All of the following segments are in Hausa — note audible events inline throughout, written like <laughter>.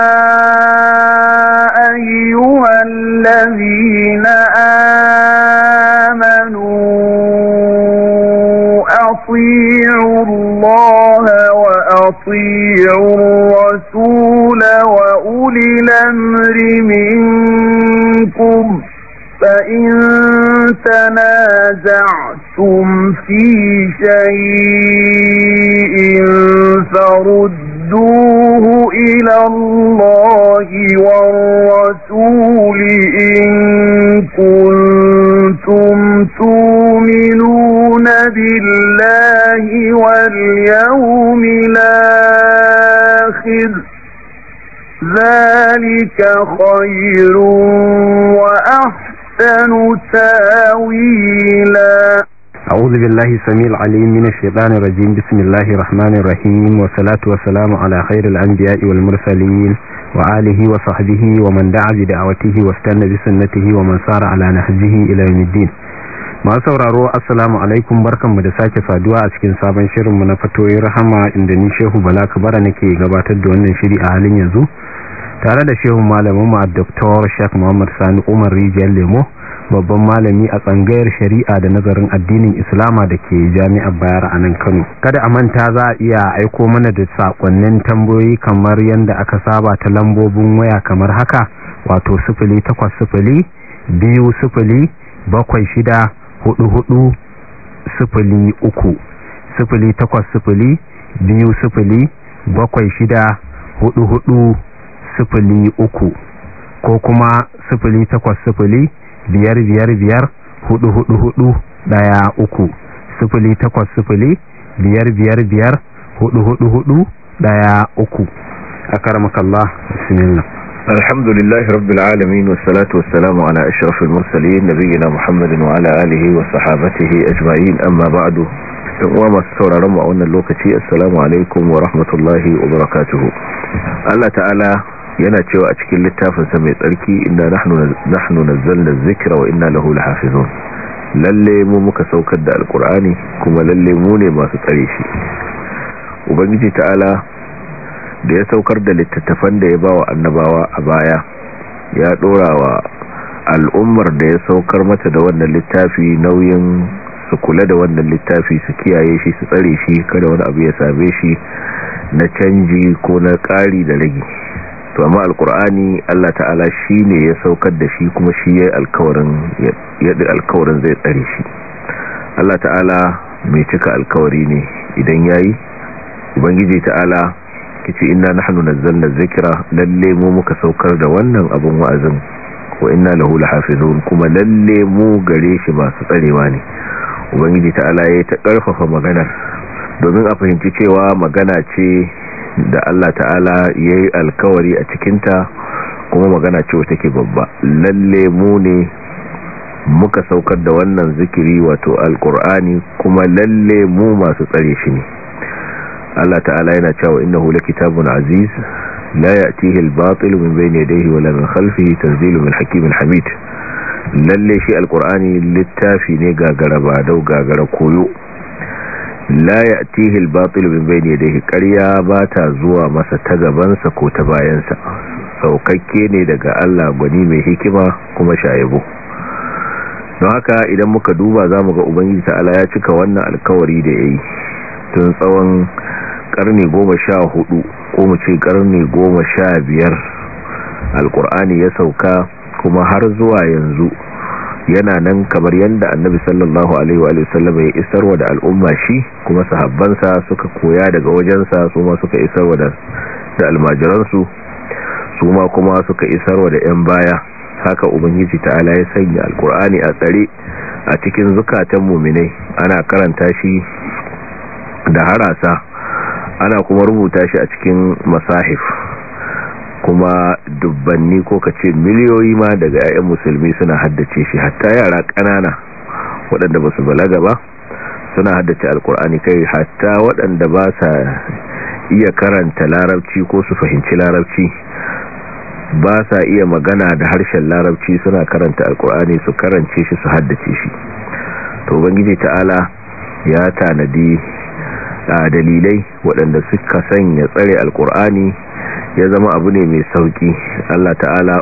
Uh... billahi samil alim minash shaitanir rajim bismillahir rahmanir rahim wa salatu wa salamu ala khairil anbiya'i wal mursalin wa alihi wa sahbihi wa man da'a bi da'watihi wa istana bi sunnatihi wa man sara ala nahjihi ila yawmiddin masu sauraro assalamu alaikum barkanmu da sake saduwa a cikin sabon shirinmu na fatoyin rahama inda ni shehu bala kabara nake gabatar da wannan shiri a halin yanzu tare da shehu malamin mu Dr. Sheikh Muhammad Sani Umar Rijal Lemo babban malami a tsangayar shari'a da nazarin addinin islama da ke jami'ar bayar a nan kano kada a manta za a iya aiko mana da sakonnin tambayoyi kamar yadda aka saba ta lambobin waya kamar haka wato sifili takwas sifili biyu bakwai shida hudu hudu uku takwas biyu bakwai shida hudu hudu uku ko kuma sifili takwas sifili biyar biyar biyar hudu hudu hudu daya uku sifili takwas sifili biyar biyar biyar hudu hudu hudu daya uku a karamakallah alhamdulillahi rabbil alamin wassalatu wassalamu ala ashrafil mursalin nabiyina muhammadin wa ala alihi wa sahabatihi ajma'in amma ba'du yan uwa masu sauraron mu a wannan lokaci asalamu alaikum wa rahmatullahi wa barakatuhu Allah ta'ala yana cewa a cikin littafinsa mai tsarki inna nahnu nazzalna dhikra wa inna lahu lahafizun lalle mu muka saukar da alkur'ani kuma lalle mu ne masu tsare shi ubangiji ta'ala da ya saukar da littattafan da ya ba wa annabawa a baya ya dora wa al'ummar da ya saukar mata da wannan littafi nauyin su kula da wannan littafi su kiyaye shi su tsare shi kada wani abu ya same shi na canji ko na ƙari da rage to amma alkur'ani Allah ta'ala shi ne ya saukar da shi kuma shi ya yi alkawarin zai tsare shi Allah ta'ala mai cika alkawari ne idan yayi ubangiji ta'ala kici inna nahnu nazzalna dhikra lalle mu muka saukar da wannan abun wa'azin wa inna lahu lahafizun kuma lalle mu gare shi masu tsarewa ne ubangiji ta'ala ya ta karfafa magana domin a fahimci cewa magana ce da Allah ta'ala ya yi alkawari a cikinta kuma magana ce wata ke babba lalle mu ne muka saukar da wannan zikiri wato alkur'ani kuma lalle mu masu tsare shi ne Allah ta'ala yana cewa innahu kitabun aziz la ya'tihi al-batil min bayni yadayhi la min khalfihi tanzilun min hakimin hamid lalle shi alkur'ani littafi ne gagara ba dau gagara koyo la ya'tihi al-batil min bayni yadayhi ƙarya ba ta zuwa masa ta gabansa ko ta bayansa saukakke ne daga Allah gwani mai hikima kuma sha'ibu don haka idan muka duba zamu ga ubangiji ta'ala ya cika wannan alkawari da yayi tun tsawon karni hudu ko mu ce karni biyar alkur'ani ya sauka kuma har zuwa yanzu yana nan kamar yadda annabi sallallahu alaihi wa sallam ya isarwa da al'umma shi kuma sahabbansa suka koya daga wajensa su ma suka wa da almajiransu su ma kuma suka isar wa da 'yan baya haka ubangiji ta'ala ya sanya alkur'ani a tsare a cikin zukatan muminai ana karanta shi da harasa ana kuma rubuta shi a cikin masahif kuma dubbanni ko ka ce miliyoyi ma daga 'ya'yan musulmi suna haddace shi hatta yara ƙanana waɗanda ba su balaga ba suna haddace alkur'ani kai hatta waɗanda ba sa iya karanta larabci ko su fahimci larabci ba sa iya magana da harshen larabci suna karanta alkur'ani su karance shi su haddace shi to bangiji ta'ala ya tanadi a dalilai waɗanda suka sanya tsare alkur'ani ya zama abu ne mai sauki Allah ta'ala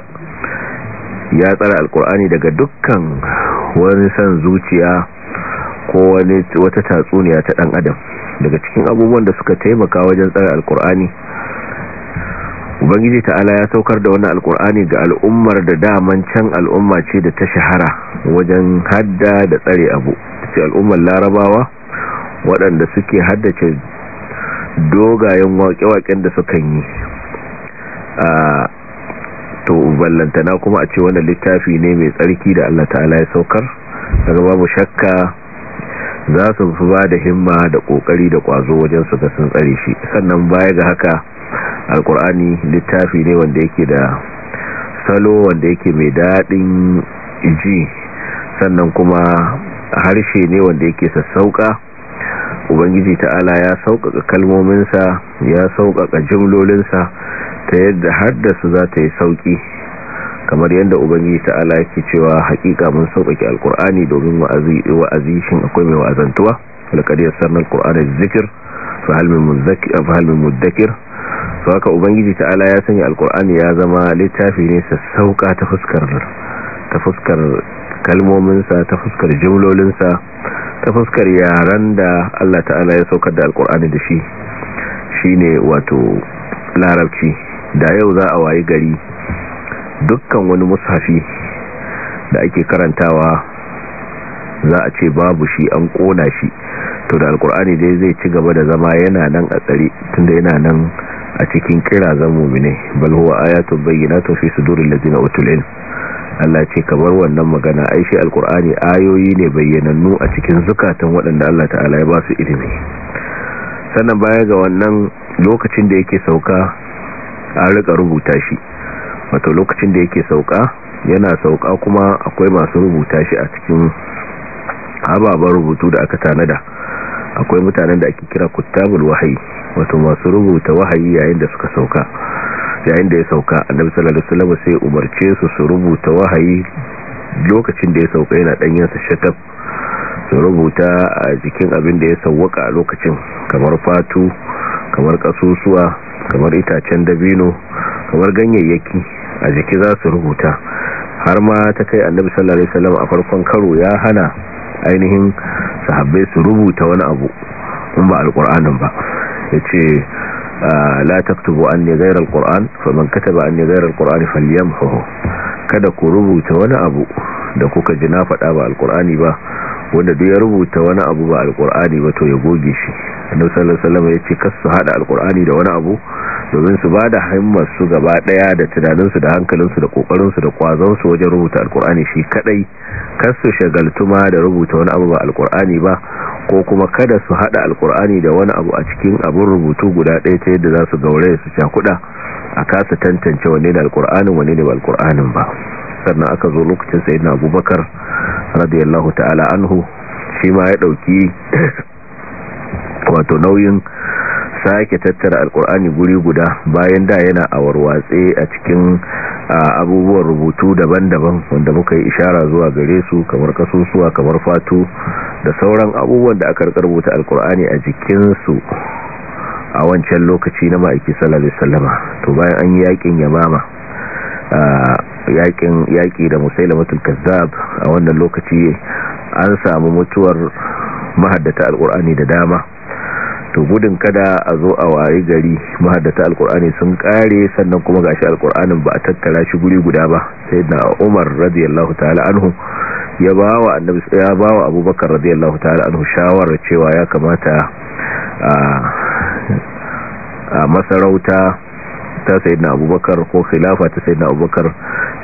ya tsara alkur'ani daga dukkan wani san zuciya ko wani wata tatsuniya ta dan adam daga cikin abubuwan da suka taimaka wajen tsara alkur'ani ubangiji ta'ala ya saukar da wani alkur'ani ga al'ummar da daman can al'umma ce da ta shahara wajen hadda da tsare abu ce al'ummar larabawa waɗanda suke haddace dogayen waƙe-waƙen da sukan yi to ballantana kuma a ce wannan littafi ne mai tsarki da Allah ta'ala ya saukar daga babu shakka za su fi ba da himma da kokari da kwazo wajen su ga sun tsare shi sannan baya ga haka alkur'ani littafi ne wanda yake da salo wanda yake mai daɗin ji sannan kuma harshe ne wanda yake sassauka ubangiji ta'ala ya sauƙaƙa kalmominsa ya sauƙaƙa jimlolinsa ta yadda haddasa za ta yi sauki kamar yadda ubangiji ta'ala yake cewa hakika mun sauƙaƙi alƙur'ani domin wa'azi shi shin akwai mai wa'azantuwa laqad yassarna sannan lizikr fa hal min haka ubangiji ta'ala ya sanya alkur'ani ya zama littafi ne sa sauka ta fuskar ta fuskar kalmomin ta fuskar jimlolinsa ta fuskar yaran da Allah ta'ala ya saukar da alkur'ani da shi shine wato larabci da yau za a wayi gari dukkan wani mushafi da ake karantawa za a ce babu shi an kona shi to da alkur'ani dai zai ci gaba da zama yana nan a tsare tunda yana nan a cikin kira zan mu'mine bal huwa ayatun bayyinatun fi suduril ladina utul ilm Allah ce kamar wannan magana ai shi alkur'ani ayoyi ne bayyanannu a cikin zukatan waɗanda Allah ta'ala ya ba su ilimi sannan baya ga wannan lokacin da yake sauka a rika rubuta shi wato lokacin da yake sauka yana sauka kuma akwai masu rubuta shi a cikin ababen rubutu da aka tanada akwai mutanen da ake kira kuttabul wahayi wato masu rubuta wahayi yayin da suka sauka yayin da ya sauka annabi sallallahu alaihi wasallam sai umarce su su rubuta wahayi lokacin da ya sauka yana danyen sa shatab su rubuta a jikin abin da ya sauka a lokacin kamar fatu kamar kasusuwa kamar itacen dabino kamar ganyayyaki a jiki za su rubuta har ma ta kai annabi sallallahu alaihi wasallam a farkon karo ya hana ainihin sahabbai su rubuta wani abu in ba alqur'anin ba yace ah, la taktubu anni ghayra alqur'an faman kataba anni ghayra alqur'ani falyamhu kada ku rubuta wani abu da kuka ji na faɗa ba alkur'ani ba wanda duk ya rubuta wani abu ba alkur'ani ba to ya goge shi annabi sallallahu alaihi wasallam ya ce su hada alkur'ani da wani abu domin su ba da himmar su gaba daya da tunanin su da hankalin su da kokarin su da kwazon su wajen rubuta alkur'ani shi kadai kasu su shagaltu ma da rubuta wani abu ba alkur'ani ba ko kuma kada su hada alkur'ani da wani abu a cikin abun rubutu guda daya ta yadda za su gauraya su cakuda a kasa tantance wanne ne alkur'anin wanne ne ba alkur'anin ba sannan aka zo lokacin na abubakar radiyallahu ta'ala anhu shi ma ya dauki <coughs> wato nauyin sake tattara alkur'ani guri guda bayan da yana a warwatse a cikin abubuwan rubutu daban-daban wanda muka yi ishara zuwa gare su kamar kasusuwa kamar fatu da sauran abubuwan da aka rubuta alkur'ani a jikinsu a wancan lokaci na ma'aiki sallallahu alaihi to bayan an yi yakin yamama yakin yaki da musailamatul kazzab a wannan lokaci an samu mutuwar mahaddata alkur'ani da dama to gudun kada a zo a waye gari mahaddata alqur'ani sun kare sannan kuma gashi alkur'anin ba a tattara shi guri guda ba sai da umar radiyallahu ta'ala anhu ya ba wa annabi ya ba wa abubakar radiyallahu ta'ala anhu shawarar cewa ya kamata a masarauta ta sayyidina abubakar ko khilafa ta sayyidina abubakar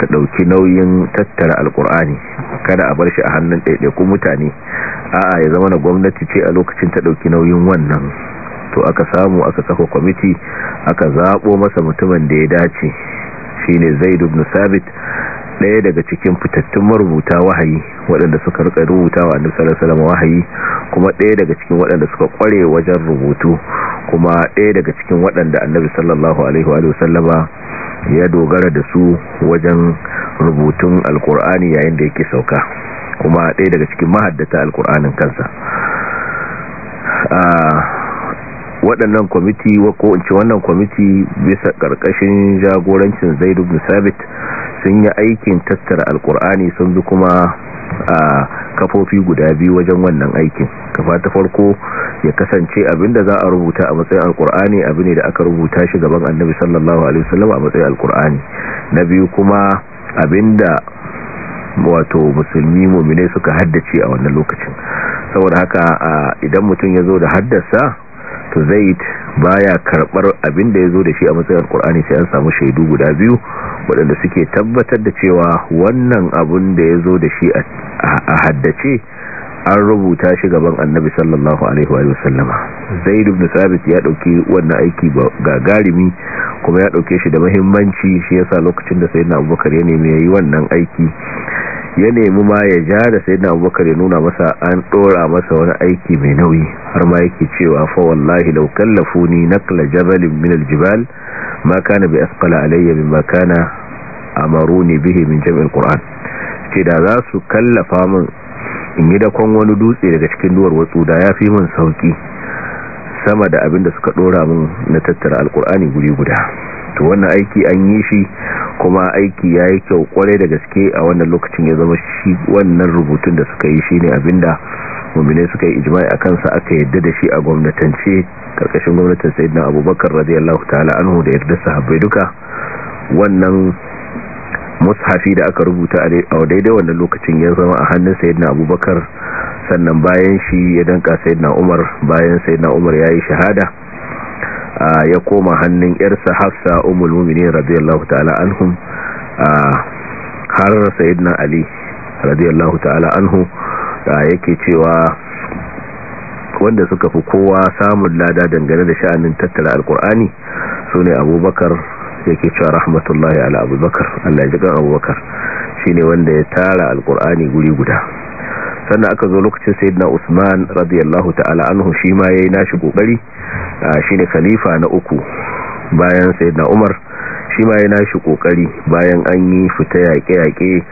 ta dauki nauyin tattara alkur'ani kada a bar shi a hannun ku mutane a'a ya zama na gwamnati ce a lokacin ta dauki nauyin wannan to aka samu aka saka kwamiti aka zaɓo masa mutumin da ya dace shine zaid ibn sabit ɗaya daga cikin fitattun marubuta wahayi waɗanda suka rika rubuta wa annabi sallallahu alaihi wasallam wahayi kuma ɗaya daga cikin waɗanda suka kware wajen rubutu kuma ɗaya daga cikin waɗanda annabi sallallahu alaihi wa sallama ya dogara da su wajen rubutun alkur'ani yayin da yake sauka kuma ɗaya daga cikin mahaddata alkur'anin kansa ah, waɗannan kwamiti ko in ce wannan kwamiti bisa ƙarƙashin jagorancin zai duk sabit sun yi aikin tattara alkur'ani sun bi kuma a kafofi guda biyu wajen wannan aikin kafa ta farko ya kasance abinda za a rubuta a matsayin alkur'ani abu ne da aka rubuta shi gaban annabi sallallahu alaihi wasallam a matsayin alkur'ani na biyu kuma abinda wato musulmi muminai suka haddace a wannan lokacin saboda haka idan mutum ya zo da haddasa to zaid baya karbar abin da yazo da shi a matsayin alqur'ani sai an samu shaidu guda biyu waɗanda suke tabbatar da cewa wannan abun da yazo da shi a haddace an rubuta shi gaban annabi sallallahu alaihi wa sallama zaid ibn sabit ya dauki wannan aiki ga garimi kuma ya dauke shi da muhimmanci shi yasa lokacin da sayyidina abubakar ya nemi yayi wannan aiki ya nemi ma ya ja da sai na abubakar ya nuna masa an ɗora masa wani aiki mai nauyi har ma yake cewa fa wallahi lau kallafu ni nakla jabalin min aljibal ma kana bi asqala alayya ma kana ne bihi min jami'il qur'an ce da za su kallafa min in yi dakon wani dutse daga cikin duwar watsu da ya fi min sauki sama da abin da suka ɗora min na tattara alkur'ani guri guda to wannan aiki an yi shi kuma aiki ya yi kyau kwarai da gaske a wannan lokacin ya zama shi wannan rubutun da suka yi shi ne abinda mummine suka yi ijimai a kansa aka yadda da shi a gwamnatance karkashin gwamnatin sayidina abubakar radiyallahu ta'ala anhu da yarda sahabbai duka wannan mushafi da aka rubuta a daidai wannan lokacin ya zama a hannun sayidina abubakar sannan bayan shi ya danka sayidina umar bayan sayidina umar ya yi shahada ya koma hannun yarsa hafsa umul mu'minin radiyallahu ta'ala anhum har sayyidina ali radiyallahu ta'ala anhu yake cewa wanda suka fi kowa samun lada dangane da sha'anin tattara alkur'ani su ne abubakar yake cewa rahmatullahi ala abubakar allah ji kan abubakar shi ne wanda ya tara alkur'ani guri guda sannan aka zo lokacin sayid usman radiyallahu ta'ala anhu shi ma ya yi nashi ƙoƙari. shine khalifa na uku bayan sayyidina Umar shi ma yana shi kokari bayan an yi fita yaƙe-yaƙe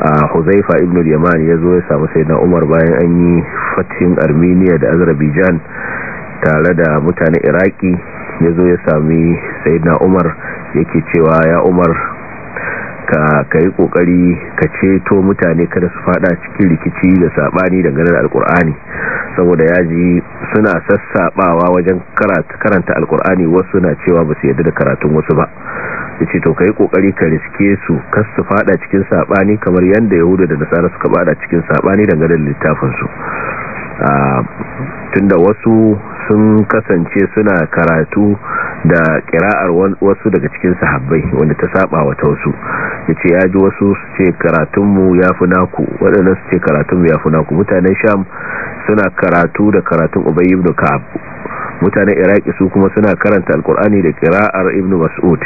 a huzaifa ibn yaman ya zo ya samu sai umar bayan an yi fatin armenia da azerbaijan tare da mutane iraki ya zo ya sami sai na umar yake cewa ya umar ka yi kokari ka ceto mutane kada su fada cikin rikici da sabani da ganin alkur'ani saboda yaji suna sassabawa wajen karanta alkur'ani wasu na cewa ba su yadda da karatun wasu ba yace to kai kokari ka riske su kas su fada cikin sabani kamar yanda yahuda da nasara suka fada cikin sabani dangane da littafin su tunda wasu sun kasance suna karatu da kira'ar wasu daga cikin sahabbai wanda ta saba wa ta wasu ce ya ji wasu su ce karatunmu ya fi naku waɗannan su ce karatunmu ya fi naku mutanen sham suna karatu da karatun obayi ibn ka'ab mutanen iraki su kuma suna karanta alkur'ani da kira'ar ibn mas'ud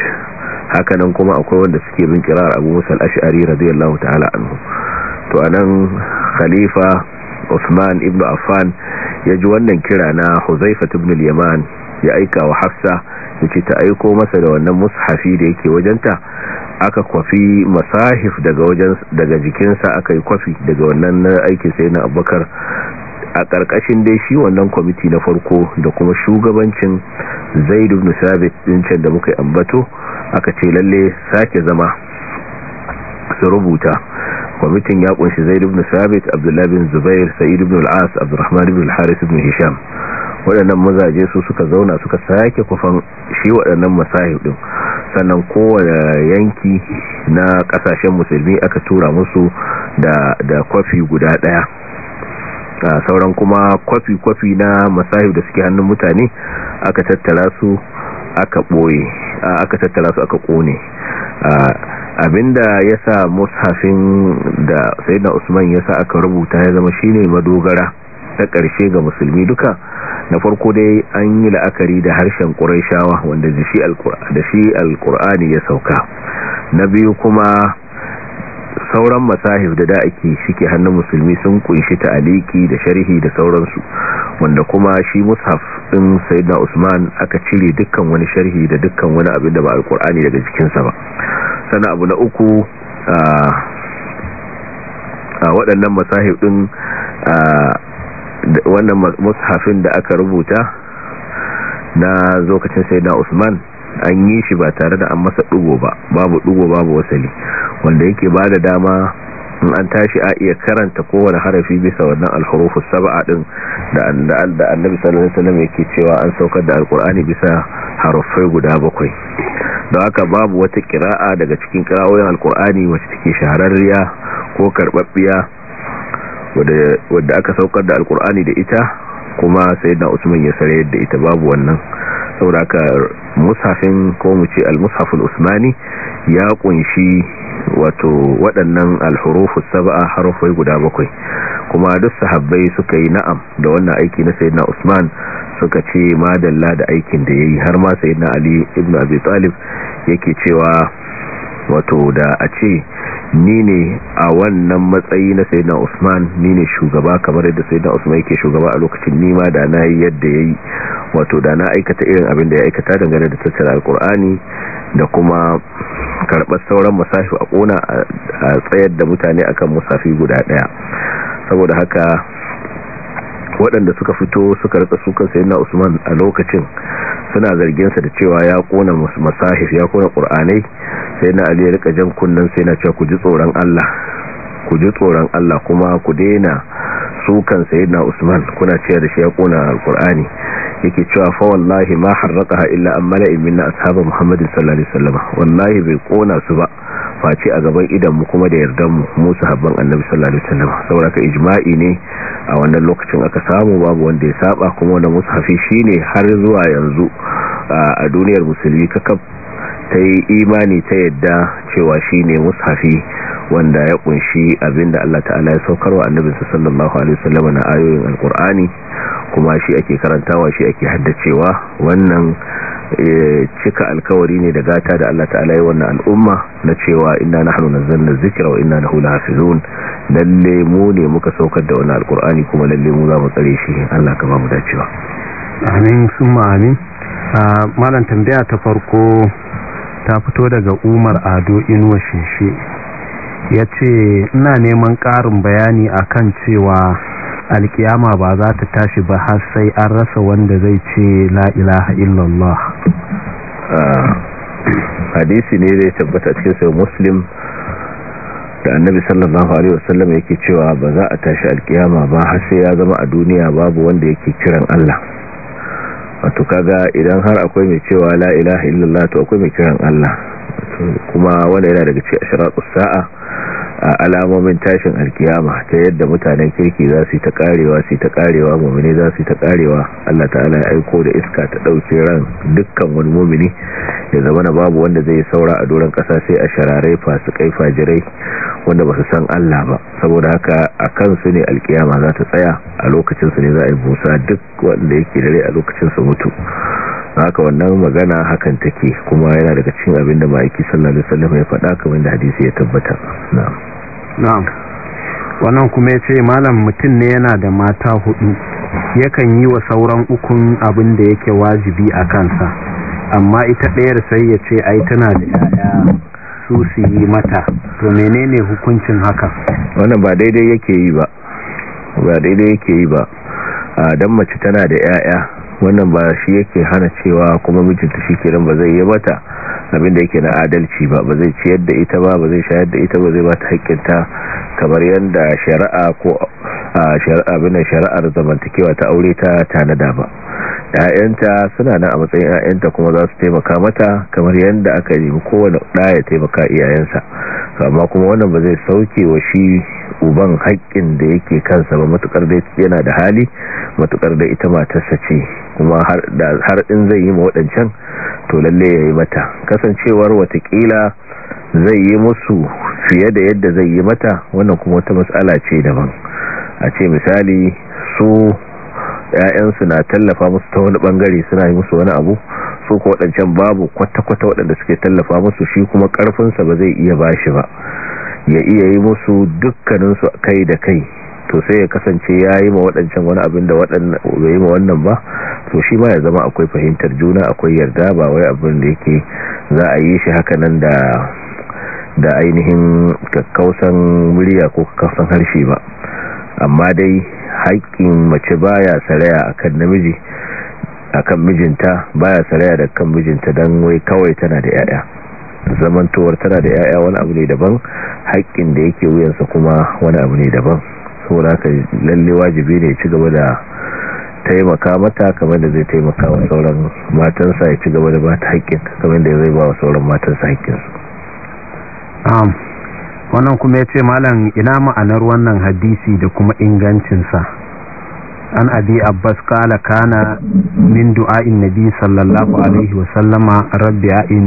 hakanan kuma akwai wanda suke bin kira'ar abu musa al-ash'ari radiyallahu ta'ala anhu to anan khalifa usman ibn Affan ya ji wannan kira na Huzaifa ibn yaman ya aika wa Hafsa yace ta aiko masa da wannan mushafi da yake wajenta aka kwafi masahif daga wajen daga jikinsa aka yi kwafi daga wannan aikin na Abubakar a ƙarƙashin dai shi wannan kwamiti na farko da kuma shugabancin Zaid ibn Sabit din can da muka ambato aka ce lalle sake zama su rubuta kwamitin ya kunshi zai ibn sabit abdullahi bin zubair sa'id ibn al-as abdurrahman ibn al-haris ibn hisham waɗannan mazaje su suka zauna suka sake kufan shi waɗannan masahib din sannan kowane yanki na ƙasashen musulmi aka tura musu da da kwafi guda ɗaya sauran kuma kwafi-kwafi na masahib da suke hannun mutane aka tattara su aka ɓoye aka tattara su aka ƙone abinda ya sa mushafin da sayyidina usman ya sa aka rubuta ya zama shine madogara ta ƙarshe ga musulmi duka na farko dai an yi la'akari da harshen ƙuraishawa wanda da shi alƙur'ani ya sauka na biyu kuma sauran masahif da da ake shike hannun musulmi sun kunshi ta'aliki da sharhi da sauransu wanda kuma shi mushaf din sayyidina Usman aka cire dukkan wani sharhi da dukkan wani abin da ba alkur'ani daga cikin ba sana abu na uku a waɗannan masahif ɗin wannan mushafin da aka rubuta na zokacin sai na usman an yi shi ba tare da an masa ɗugo ba babu ɗugo babu wasali wanda yake ba da dama in an tashi a iya karanta kowane harafi bisa wannan alhurufus sab'a din da annabi sallallahu alaihi wasallam yake cewa an saukar da alqur'ani bisa haruffai guda bakwai don haka babu wata kira'a daga cikin kira'oyin alqur'ani wacce take shahararriya ko karbabbiya wadda aka saukar da alqur'ani da ita kuma da usman ya sare yadda ita babu wannan saboda musafin ko mu ce al usmani ya kunshi wato waɗannan al-hurufu sab'a harufai guda bakwai kuma duk sahabbai suka yi na'am da wannan aiki na sayyidina usman suka ce madalla da aikin da yayi har ma sayyidina ali ibn abi talib yake cewa wato da a ce ni ne a wannan matsayi na na Usman ni ne shugaba kamar yadda na Usman yake shugaba a lokacin nima da na yi yadda ya yi wato da na aikata irin abin da ya aikata dangane da tattara alkur'ani da kuma karɓar sauran musafi a kona a tsayar da mutane akan musafi guda ɗaya saboda haka waɗanda suka fito suka rika sukan na Usman a lokacin suna zargin sa da cewa ya kona masahif ya kona ƙur'anai sai na ali ya rika jan kunnan sai na cewa ku ji tsoron Allah ku ji tsoron Allah kuma ku daina sukan sayyidina Usman kuna cewa da shi ya kona alqur'ani yake cewa fa wallahi ma harraqaha illa an mala'in minna ashabu Muhammadin sallallahu alaihi wasallam wallahi bai kona su ba face a gaban idan mu kuma da yardan mu mu sahabban Annabi sallallahu alaihi wasallam saboda ijma'i ne a wannan lokacin aka samu babu wanda ya saba kuma wannan mushafi shine har zuwa yanzu a duniyar musulmi kakab ta yi imani ta yadda cewa shi ne mushafi wanda ya kunshi abinda Allah ta'ala ya saukarwa annabinsa sallallahu alaihi wasallam na ayoyin alkur'ani kuma shi ake karantawa shi ake haddacewa wannan e, cika alkawari ne da gata da Allah ta'ala ya wannan al'umma na cewa inna nahnu nazzalna dhikra wa inna lahu lahafizun lalle mu ne muka saukar da wannan alkur'ani kuma lalle mu za mu tsare shi Allah ka ba mu dacewa amin summa amin ah, malam tambaya ta farko ta fito daga umar ado inuwa shinshe ya ce ina neman ƙarin bayani akan cewa alkiyama ba za ta tashi ba har sai an rasa wanda zai ce la ilaha illallah ah, hadisi ne da ya tabbata cikin sai muslim da annabi sallallahu alaihi wasallam yake cewa ba za a tashi alkiyama ba har sai ya zama a duniya babu wanda yake kiran Allah wato kaga idan har akwai mai cewa la ilaha illallah to akwai mai kiran Allah kuma wanda yana daga cikin ashratus sa'a alamomin tashin alkiyama ta yadda mutanen kirki za su ta karewa su ta karewa mu'mini za su ta karewa Allah ta'ala ya aiko da iska ta dauke ran dukkan wani mu'mini ya zama na babu wanda zai saura a doron kasa sai a shararai fasikai fajirai wanda ba su san Allah ba saboda haka a kansu ne alkiyama za ta tsaya a lokacinsu ne za a yi busa duk wanda yake dare a lokacinsu mutu haka wannan magana hakan take kuma yana daga cikin abin da ma'aiki sallallahu alaihi wasallam ya faɗa kamar da hadisi ya tabbata na'am na'am wannan kuma yace malam mutum ne yana da mata hudu yakan yi wa sauran ukun abin da yake wajibi a kansa amma ita ɗayar sai ya ce ai tana da yaya su su yi mata to menene hukuncin haka wannan ba daidai yake yi ba ba daidai yake yi ba don mace tana da yaya wannan ba shi yake hana cewa kuma mijinta shi kiran ba zai yi mata abinda yake na adalci ba ba zai ciyar da ita ba ba zai shayar da ita ba zai bata haƙƙinta kamar yadda shari'a ko shari'a bin shari'ar zamantakewa ta aure ta tanada ba 'ya'yanta suna nan a matsayin 'ya'yanta kuma za su taimaka mata kamar yadda aka yi kowane ɗa ya taimaka iyayensa amma kuma wannan ba zai sauke wa shi uban haƙƙin da yake kansa ba matukar da yana da hali matukar da ita matarsa ce kuma har in zai yi ma waɗancan to lalle ya yi mata kasancewar watakila zai yi musu fiye da yadda zai yi mata wannan kuma wata matsala ce daban a ce misali su ‘ya'yansu na tallafa musu ta wani ɓangare suna yi musu wani abu su ko waɗancan babu kwata-kwata waɗanda suke tallafa musu shi kuma ƙarfinsa ba zai iya bashi ba ya iya yi musu dukkaninsu kai da kai to sai ya kasance ya yi ma waɗancan wani abin da bai yi ma wannan ba to shi ma ya zama akwai fahimtar juna akwai yarda ba wai abin da yake za a yi shi haka nan da da ainihin kakkausan murya ko kakkausan harshe ba amma dai haƙƙin mace baya saraya akan namiji akan mijinta baya saraya da kan mijinta don wai kawai tana da yaya tuwar tana da yaya wani abu ne daban haƙƙin da yake wuyansa kuma wani abu ne daban saboda haka lalle wajibi ne ci gaba da taimaka mata kamar da zai taimaka wa sauran matansa ya ci gaba da bata haƙƙin kamar da zai ba wa sauran matansa haƙƙinsu wannan kuma ya ce malam ina ma'anar wannan hadisi da kuma ingancinsa an abi abbas kala kana min du'a'in nabi sallallahu alaihi wa sallama rabbi a'in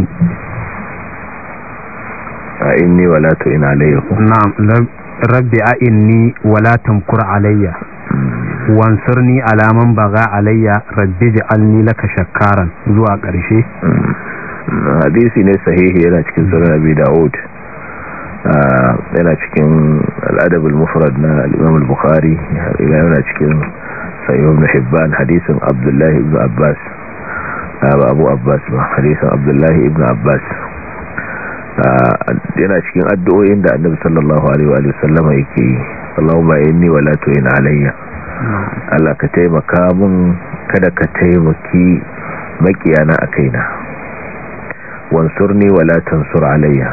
a'inni wala tu'in alayya na'am rabbi a'inni wala tamkur alayya wansirni alaman baga alayya rabbi ja'alni laka shakkaran zuwa karshe hadisi ne sahihi yana cikin sunan abi daud yana cikin al'adabul mufrad na al-imam al-bukhari yana cikin sayo ibn hibban hadisin abdullahi ibn abbas ah, ba abu abbas ba hadisin abdullahi ibn abbas ah, yana cikin addu'o'in da annabi sallallahu alaihi wa sallama yake yi allahumma inni wala tu'in alayya Allah ka taimaka mun kada ka taimaki makiyana a kaina wansurni wala tansur alayya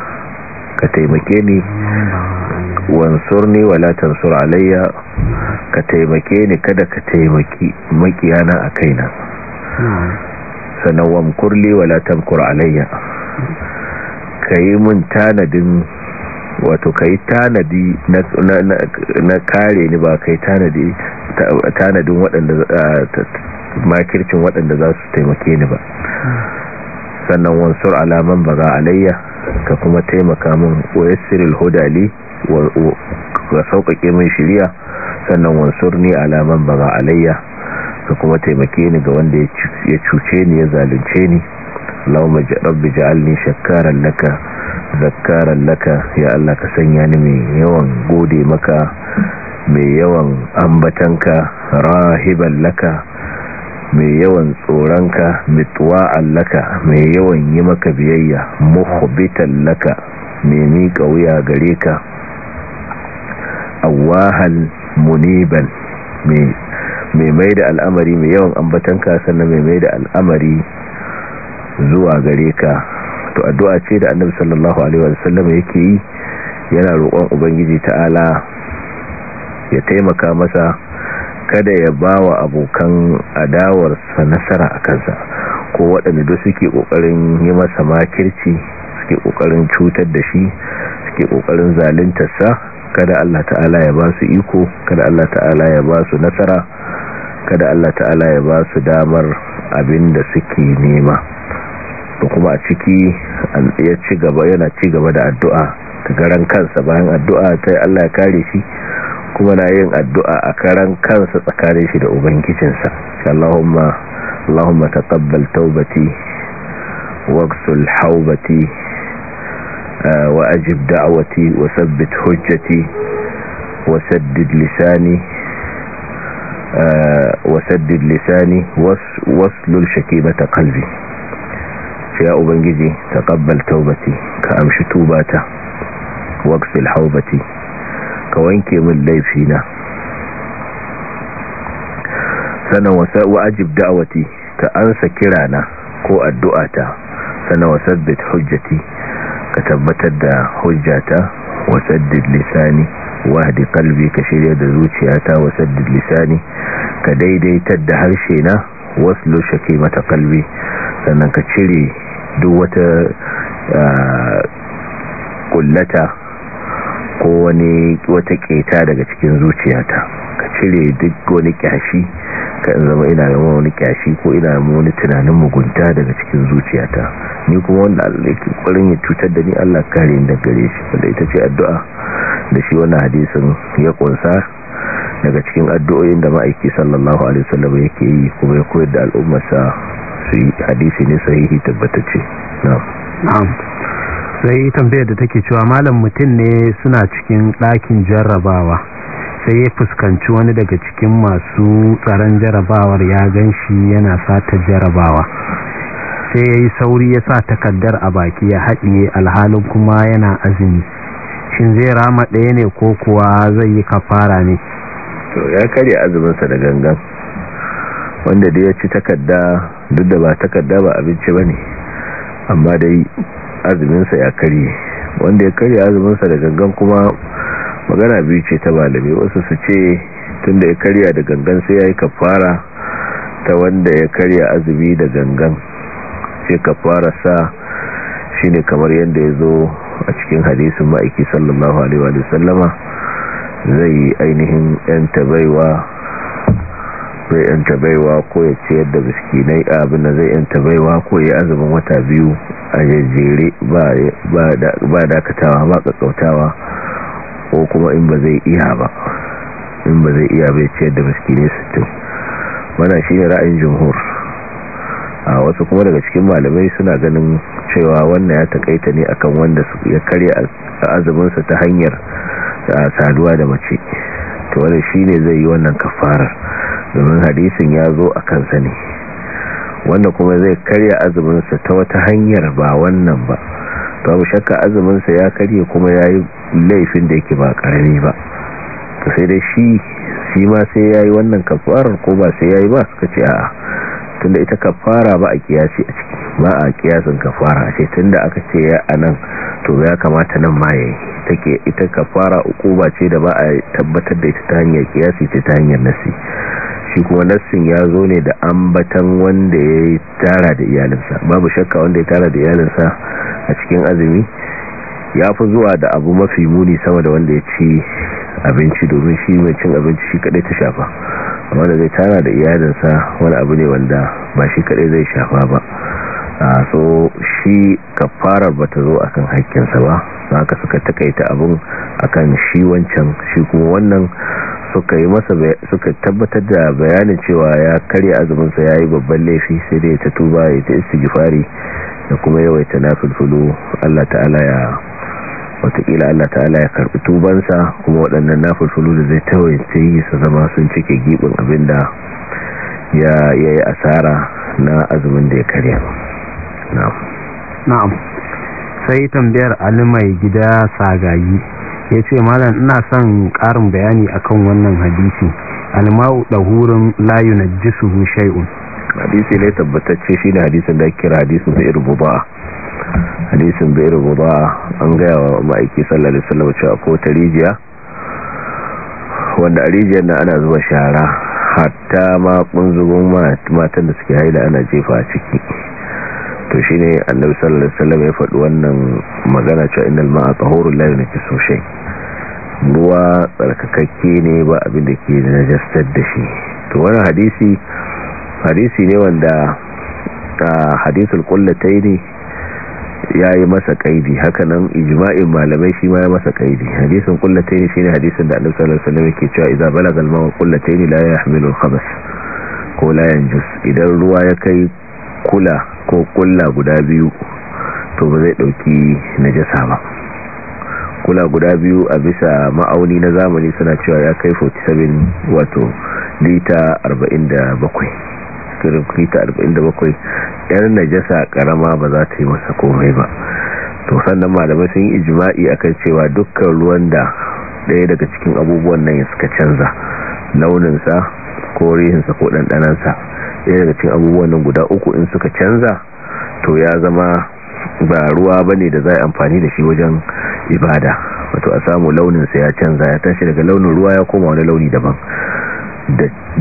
ka taimake ni wansurni wala tansur alayya ka taimake ni kada ka taimaki makiyana a kaina sannan wamkurli wala tamkur alayya yi mun tanadin wato kayi tanadi na kare ni ba kai tanadi tanadin waɗanda makircin waɗanda za su taimake ni ba sannan wansur alaman ba alayya ka kuma taimaka min wa yassiril hudali wa sauƙaƙe min shirya sannan ne alaman ba alayya ka kuma taimake ni ga wanda ya cuce ni ya zalunce ni lauma rabbi ja'alni shakkaran laka zakkarar laka ya Allah ka sanya ni mai yawan gode maka mai yawan ambatanka rahiban laka mai yawan tsoronka mitwa'an laka mai yawan yi maka biyayya mukhbitan laka mai miƙa wuya gare ka awahan muniban mai mai da al'amari mai yawan ambatanka sannan mai mai da al'amari zuwa gare ka to addu'a ce da annabi sallallahu alaihi wasallam yake yi yana roƙon ubangiji ta'ala ya taimaka masa kada ya bawa abokan adawarsa nasara a kansa ko waɗanda duk suke ƙoƙarin yi masa makirci suke ƙoƙarin cutar da shi suke ƙoƙarin zaluntarsa kada Allah ta'ala ya ba su iko kada Allah ta'ala ya ba su nasara kada Allah ta'ala ya ba su damar abin da suke nema da kuma a ciki ci gaba yana ci gaba da addu'a ta garan kansa bayan addu'a ta Allah ya kare shi kuma na yin addu'a a karan kansa tsakanin shi da ubangijinsa Allahumma Allahumma taqabbal tawbati واغسل حوبتي آه، وأجب دعوتي وثبت حجتي وسدد لساني آه، وسدد لساني وصل شكيبة قلبي يا أبنجزي تقبل توبتي كأمش توباتا واقفل حوبتي كوينكي من ليفينا فينا wa وأجب دعوتي ka كو kirana سنة وثبت حجتي ka tabbatar da hujjata wasaddid lisani wahdi kalbi ka shirya da zuciyata wasaddid lisani ka daidaitar da harshe na waslu shakimata kalbi sannan ka cire duk wata kullata ko wani wata keta daga cikin zuciyata ka cire duk wani kyashi ka in zama ina yamma wani kyashi ko ina yamma wani tunanin mugunta daga cikin zuciyata ni kuma wanda Allah yake kwarin ya cutar da ni Allah kare ni daga gare shi wanda ita ce addu'a da shi wannan hadisin ya kunsa daga cikin addu'o'in da ma'aiki sallallahu alaihi wasallam yake yi kuma ya koyar da al'ummarsa su yi hadisi ne sahihi tabbatacce na'am sai tambayar da take cewa malam mutum ne suna cikin ɗakin jarrabawa sai ya fuskanci wani daga cikin masu tsaron jarabawar ya ganshi yana sata jarabawa sai ya yi sauri ya sa takardar a baki ya haɗiye alhalin kuma yana azumi shin zai rama ɗaya ne ko kuwa zai yi kafara ne to ya karya azuminsa da gangan wanda da ya ci takadda duk da ba takadda ba abinci ba ne amma dai azuminsa ya karye wanda ya karya azuminsa da gangan kuma magana biyu ce ta malami wasu su ce tun da ya karya da gangan sai ya yi kafara ta wanda ya karya azumi da gangan ka kafara sa shi ne kamar yadda ya zo a cikin hadisin ma'aiki sallallahu alaihi wa sallama zai ainihin yan tabaiwa ko ya ciyar da biskinai abin zai yan tabaiwa ko ya azumin wata biyu a jejjere ba dakatawa ba kakkautawa ko kuma in ba zai iya ba in ba zai iya bai ciyar da tun mana shi ne ra'ayin jumhur a wasu kuma daga cikin malamai suna ganin cewa wannan ya takaita ne akan wanda ya karya a azuminsa ta hanyar saduwa da mace to shi ne zai yi wannan kafarar domin hadisin ya zo a kansa ne wanda kuma zai karya azuminsa ta wata hanyar ba wannan ba to abu shakka azuminsa ya karye kuma ya yi laifin da yake ba karami ba to sai dai shi shi ma sai ya yi wannan kafarar ko ba sai ya yi ba suka ce a tunda ita kafara ba a kiyasi a ciki ba a kiyasin kafara ce tunda aka ce ya a nan to ya kamata nan ma ya yi ita kafara uku ba ce da ba a tabbatar da ita ta hanyar kiyasi ta hanyar nasi shi kuma nassin ya zo ne da ambatan wanda ya tara da iyalinsa babu shakka wanda ya tara da iyalinsa a cikin azumi ya fi zuwa da abu mafi muni sama da wanda ya ci abinci domin shi mai cin abinci shi kadai ta shafa amma da zai tara da iyalinsa wani abu ne wanda ba shi kadai zai shafa ba a so shi kafara ba ta zo akan haƙƙinsa ba haka suka takaita abun akan shi wancan shi kuma wannan suka yi masa suka tabbatar da bayanin cewa ya karya azuminsa ya yi babban laifi sai dai ta tuba ya ta istighfari da kuma yawaita nafilfilu Allah ta'ala ya watakila Allah ta'ala ya karbi tubansa kuma waɗannan nafilfilu da zai tawaita yi su zama sun cike gibin abinda ya yayi asara na azumin da ya karya na'am na'am sai tambayar alimai gida sagayi ya ce malam ina son ƙarin bayani akan wannan hadisi alma'u ɗahurin layu na jisuhu shai'un hadisi ne tabbatacce shi da hadisin da kira hadisin bai rububa hadisin bai an gaya wa ma'aiki sallallahu cewa ko ta rijiya wanda a rijiyar na ana zuba shara hatta ma kunzugun matan da suke haila ana jefa a ciki to shi ne annabi sallallahu alaihi wasallam ya faɗi wannan magana cewa innal ma'a tahurul la yunqisu shay ruwa tsarkakakke ne ba abin da ke najasar da shi to wannan hadisi hadisi ne wanda ta hadisul qullataini yayi masa kaidi hakanan ijma'in malamai shi ma ya masa kaidi hadisin qullataini ne hadisin da annabi sallallahu alaihi wasallam yake cewa idza balaga al maa qullataini la yahmilu al-khabath ko la yanjus idan ruwa ya kai kula ko kulla guda biyu to ba zai dauki najasa ba kula guda biyu a bisa ma'auni na zamani suna cewa ya kai 47 wato lita 47 kirin lita 47 yan najasa karama ba za ta yi masa komai ba to sannan malamai sun yi ijima'i akan cewa dukkan ruwan da daya daga cikin abubuwan nan suka canza launinsa ko rihinsa ko ɗanɗanansa ɗaya daga cikin abubuwan nan guda uku in suka canza to ya zama ba ruwa ba ne da za a amfani da shi wajen ibada wato a samu launinsa ya canza ya tashi daga launin ruwa ya koma wani launi daban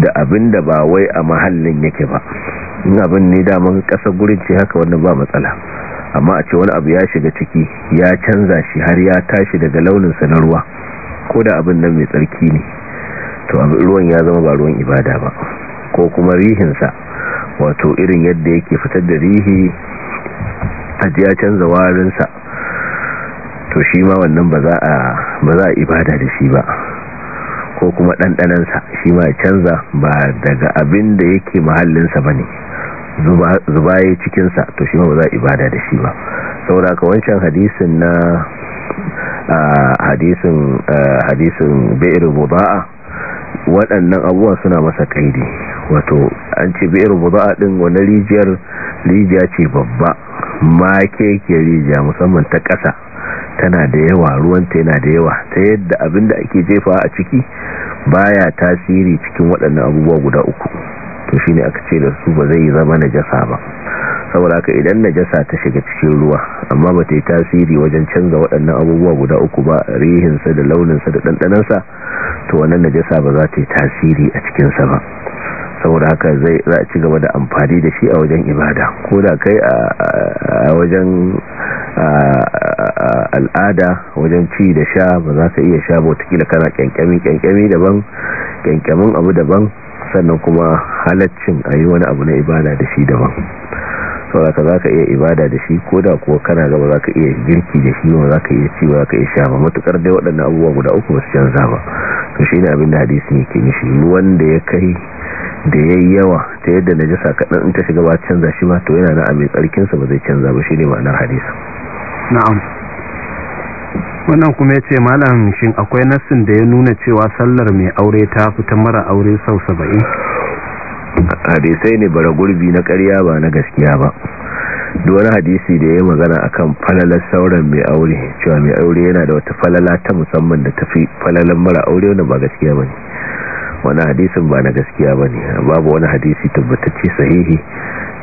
da abin da ba wai a mahallin yake ba in abin ne daman kasa gurin ce haka wannan ba matsala amma a ce wani abu ya shiga ciki ya canza shi har ya tashi daga launin launinsa na ruwa ko da abin nan mai tsarki ne to ruwan ya zama ba ruwan ibada ba ko kuma rihinsa wato irin yadda yake fitar da rihi a jiya canza warinsa to shi ma wannan ba za a ibada da shi ba ko kuma ɗanɗanansa shi ma canza ba daga abin da yake mahallinsa ba ne zuba ya cikinsa to shi ma ba za a ibada da shi ba saura wancan hadisin na ah, hadisin ah, hadisin buda'a waɗannan abuwa suna masa kaidi wato an ce biyar buza'a ɗin wani rijiyar rijiya ce babba ma keke rijiya musamman ta ƙasa tana da yawa ruwanta yana da yawa ta yadda abinda ake jefa a ciki baya tasiri cikin waɗannan abubuwa guda uku to shine aka ce da su ba zai zama najasa ba saboda haka idan najasa ta shiga cikin ruwa amma ba ta yi tasiri wajen canza waɗannan abubuwa guda uku ba rihinsa da launinsa da ɗanɗanansa to wannan najasa ba za ta yi tasiri a cikinsa ba saboda haka zai za a ci gaba da amfani da shi a wajen ibada ko da kai a wajen al'ada wajen ci da sha ba za ka iya sha ba watakila kana kyankyami kyankyami daban kyankyamin abu daban sannan kuma halaccin a yi wani abu na ibada da shi daban sauraka za ka iya ibada da shi ko da kuwa kana gaba za ka iya girki da shi ba za ka iya ci za ka iya sha ba matukar dai waɗannan abubuwa guda uku ba su canza ba to shi ne abin da hadisi ne yake nishi wanda ya kai da ya yi yawa ta yadda na jisa kaɗan in ta shiga ba canza shi ba to yana na abin tsarkinsa ba zai canza ba shi ne ma'anar hadisa. na'am wannan kuma ya ce malam shin akwai nassin da ya nuna cewa sallar mai aure ta fita mara aure sau saba'in hadisai ne bara gurbi na karya ba na gaskiya ba wani hadisi da ya yi magana akan falalar sauran mai aure cewa mai aure yana da wata falala ta musamman da tafi falalar mara aure wanda ba gaskiya ba ne wani hadisin ba na gaskiya ba ne babu wani hadisi tabbatacce sahihi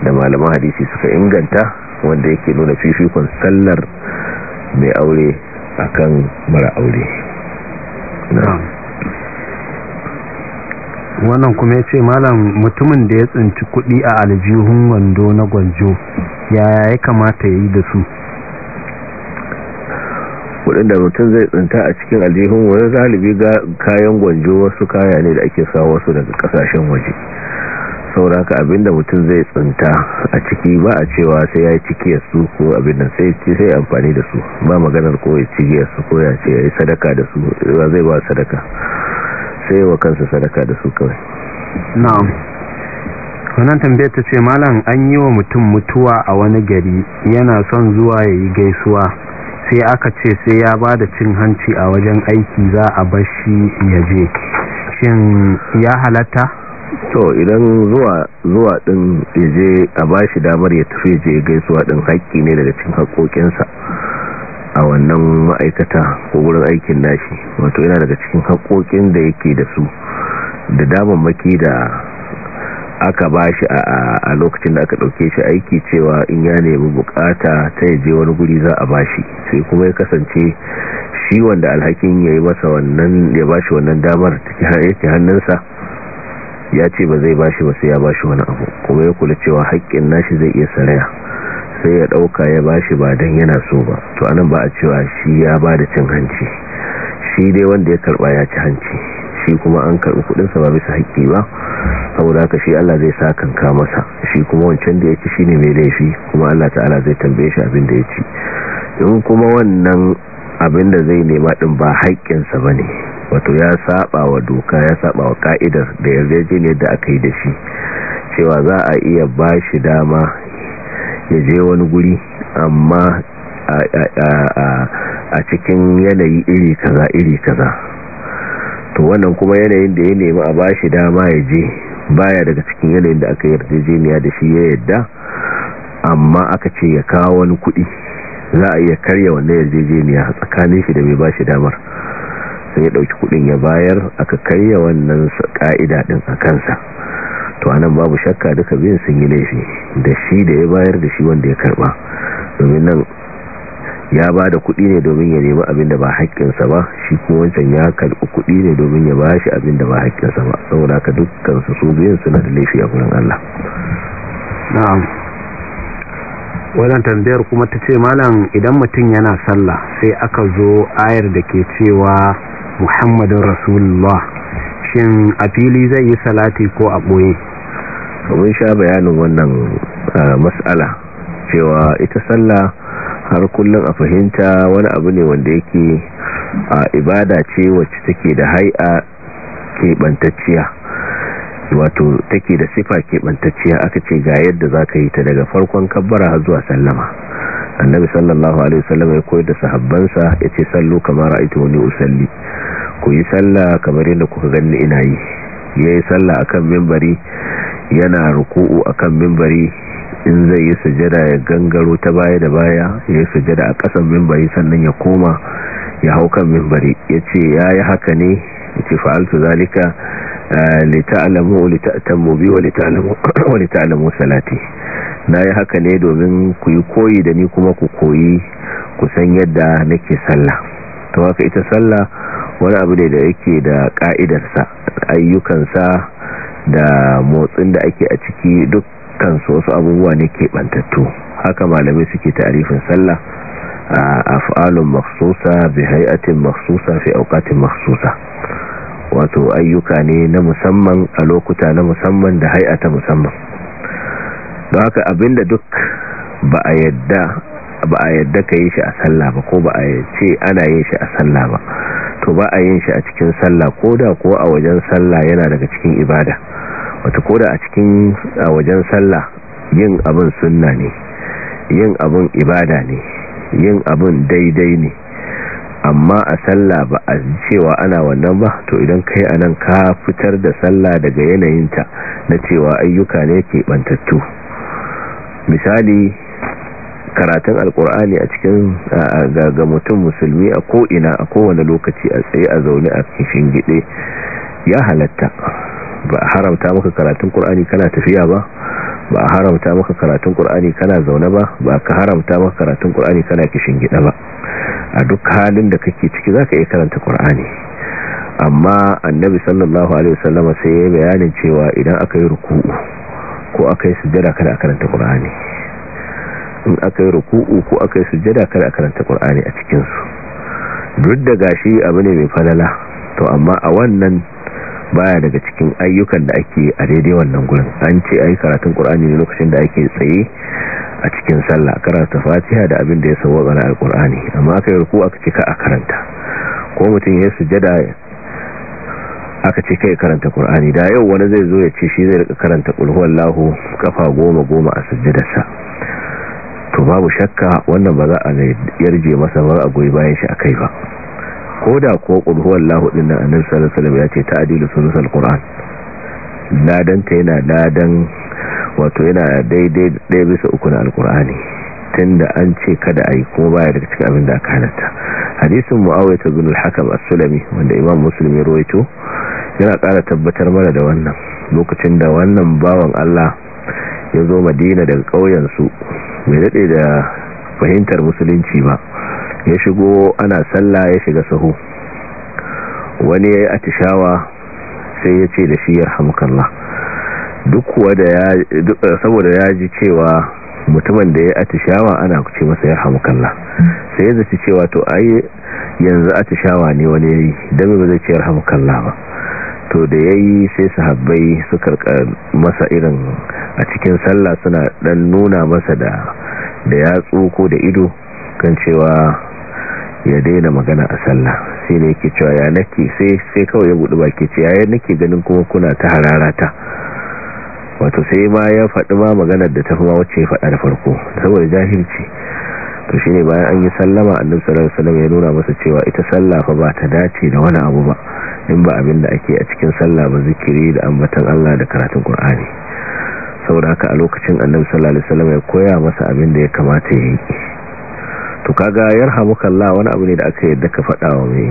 da malaman hadisi suka inganta wanda yake nuna fifikon sallar mai aure akan mara aure wannan kuma ya ce malam mutumin da ya tsinci kudi a aljihun wando na gwanjo ya ya kamata ya yi da su da mutum zai tsinta a cikin aljihun wani zalibi ga kayan gwanjo wasu kaya ne da ake sa wasu daga kasashen waje sauraka abinda mutum zai tsinta a ciki ba a cewa sai ya yi ya su ko abinda sai sai amfani da su ba maganar ko ya ya su ko ya ce ya yi sadaka da su ba zai ba sadaka sai wa kansa sadaka da su kawai na'am wannan tambayar ta ce malam an yi wa mutum mutuwa a wani gari yana son zuwa ya yi gaisuwa sai aka ce sai ya ba da cin hanci a wajen aiki za a bashi ya je shin ya halatta to idan zuwa zuwa din je a bashi damar ya tafi je gaisuwa din haƙƙi ne daga cikin haƙoƙinsa a wannan ma'aikata ko wurin aikin nashi wato yana daga cikin haƙoƙin da yake da su da maki da aka bashi a lokacin da aka ɗauke shi aiki cewa in ya nemi bukata ta yaje wani guri za a bashi sai kuma ya kasance shi wanda alhakin ya yi masa wannan ya bashi wannan damar take hannunsa ya ce ba zai bashi ba sai ya bashi wani abu kuma ya kula cewa haƙƙin nashi zai iya saraya sai ya ɗauka ya bashi ba don yana so ba to anan ba a cewa shi ya ba da cin hanci shi dai wanda ya karɓa ya ci hanci shi kuma an karɓi kuɗinsa ba bisa haƙƙi ba saboda haka shi Allah zai sa kanka masa shi kuma wancan da ya ci shi ne mai laifi kuma Allah ta'ala zai tambaye shi abin da ya ci in kuma wannan abin da zai nema ɗin ba haƙƙinsa ba ne wato ya saba wa doka ya saba wa ka'idar da yarjejeniyar da aka yi da shi cewa za a iya ba shi dama ya je wani guri amma a cikin yanayi iri kaza iri kaza to wannan kuma yanayin da ya nemi a bashi dama ya je baya daga cikin yanayin da aka yarjejeniya da shi ya yadda amma aka ce ya kawo wani kuɗi za a iya karya wannan yarjejeniya tsakanin shi da mai bashi damar sai ya dauki kudin ya bayar aka karya wannan ka'ida din a kansa to anan babu shakka duka biyan sun yi laifi da shi da ya bayar da shi wanda ya karba domin nan ya ba da kuɗi ne domin ya nemi abin da ba haƙƙinsa ba shi kuma wancan ya karɓi kuɗi ne domin ya ba shi abin da ba haƙƙinsa ba saboda ka dukkan su su biyan suna da laifi a gurin Allah na'am wannan tambayar kuma ta ce malam idan mutum yana sallah sai aka zo ayar da ke cewa muhammadin rasulullah shin a fili zai yi salati ko a ɓoye mun sha bayanin wannan matsala cewa ita sallah har kullum a fahimta wani abu ne wanda yake a ibada ce wacce take da hai'a keɓantacciya wato take da sifa keɓantacciya aka ce ga yadda za ka yi ta daga farkon kabbara har zuwa sallama annabi sallallahu alaihi wasallam ya koyar da sahabbansa yace sallu kamar wani usalli ku yi sallah kamar yadda kuka ganni ina yi yayi sallah akan minbari yana ruku'u akan minbari in zai yi sujada ya gangaro ta baya da baya yayi sujada a ƙasan minbari sannan ya koma ya hau kan mimbari yace yayi haka ne yace fa'altu zalika eh, lita'alamu bi wa lita'alamu <clears throat> salati na yi haka ne domin ku yi koyi da ni kuma ku koyi ku san yadda nake sallah to haka ita sallah wani abu ne da yake da ka'idarsa ayyukansa da motsin da ake a ciki dukkan su wasu abubuwa ne ke bantattu haka malamai suke tarifin sallah a af'alun makhsusa bi hay'atin makhsusa fi awqatin makhsusa wato ayyuka ne na musamman a lokuta na musamman da hay'ata musamman don haka abinda duk ba a yadda ba a yadda ka yi shi a sallah ba ko ba a ce ana yin shi a sallah ba to ba a yin shi a cikin sallah ko da ko a wajen sallah yana daga cikin ibada wata ko da a cikin a wajen sallah yin abin sunna ne yin abin ibada ne yin abin daidai ne amma a sallah ba a cewa ana wannan ba to idan kai anan ka fitar da sallah daga yanayinta na cewa ayyuka ne ke bantattu misali karatun alkur'ani a cikin ga mutum musulmi a ko'ina a kowane lokaci a tsaye a zaune a kishin gide ya halatta ba a haramta maka karatun kur'ani kana tafiya ba ba a haramta maka karatun kur'ani kana zaune ba ba ka haramta maka karatun kur'ani kana kishin gida ba a duk halin da kake ciki zaka iya karanta kur'ani amma annabi sallallahu alaihi wasallama sai ya bayanin cewa idan aka yi ruku'u ko aka yi sujada kada a karanta ƙur'ani in aka yi ruku'u ko aka yi sujada kada a karanta ƙur'ani a cikinsu duk da gashi abu ne mai falala to amma a wannan baya daga cikin ayyukan da ake a daidai wannan gurin an ce a yi karatun qur'ani ne lokacin da ake tsaye a cikin sallah karanta fatiha da abin da ya sawwaka na alqur'ani amma aka yi ruku aka cika a karanta ko mutum ya sujada aka ce kai karanta qur'ani da yau wani zai zo ya ce shi zai rika karanta qul huwallahu kafa goma goma a sa to babu shakka wannan ba za a yarje masa ba a goyi bayan shi akai ba ko da ko qul huwallahu din nan annabi sallallahu alaihi wasallam ya ce ta'dilu sunusul qur'an ladan ta yana ladan wato yana daidai daidai bisa uku na alkur'ani da an ce kada a yi kuma baya daga cikin abin da aka halatta hadisin mu'awiyah ta al-hakam a sulami wanda imam musulmi ya yana ƙara tabbatar mana da wannan lokacin da wannan bawan Allah ya zo madina daga ƙauyen su bai daɗe da fahimtar musulunci ba ya shigo ana sallah ya shiga sahu wani ya yayi atishawa sai ya ce da shi yarhamukallah duk saboda ya ji cewa mutumin da ya atishawa ana ce masa ya hamukalla sai ya zaci cewa to a yi yanzu atishawa ne wani yi dame ba zai ce ya hamukalla ba to da ya yi sai sahabbai suka masa irin a cikin sallah suna dan nuna masa da da yatsu ko da ido kan cewa ya daina magana a sallah sai da yake cewa ya nake sai kawai ya budu baki ce ya nake ganin kuma kuna ta hararata wato sai ma ya faɗi ma maganar da ta fi wacce ya faɗa da farko saboda jahilci to ne bayan an yi sallama a sallallahu alaihi ya nuna masa cewa ita sallah ba ta dace da wani abu ba in ba abin da ake a cikin sallah zikiri da ambatan Allah da karatun ƙur'ani saboda haka a lokacin annabi sallallahu alaihi ya koya masa abin da ya kamata ya yi to kaga yarhamukallah wani abu ne da aka yadda ka faɗa wa mai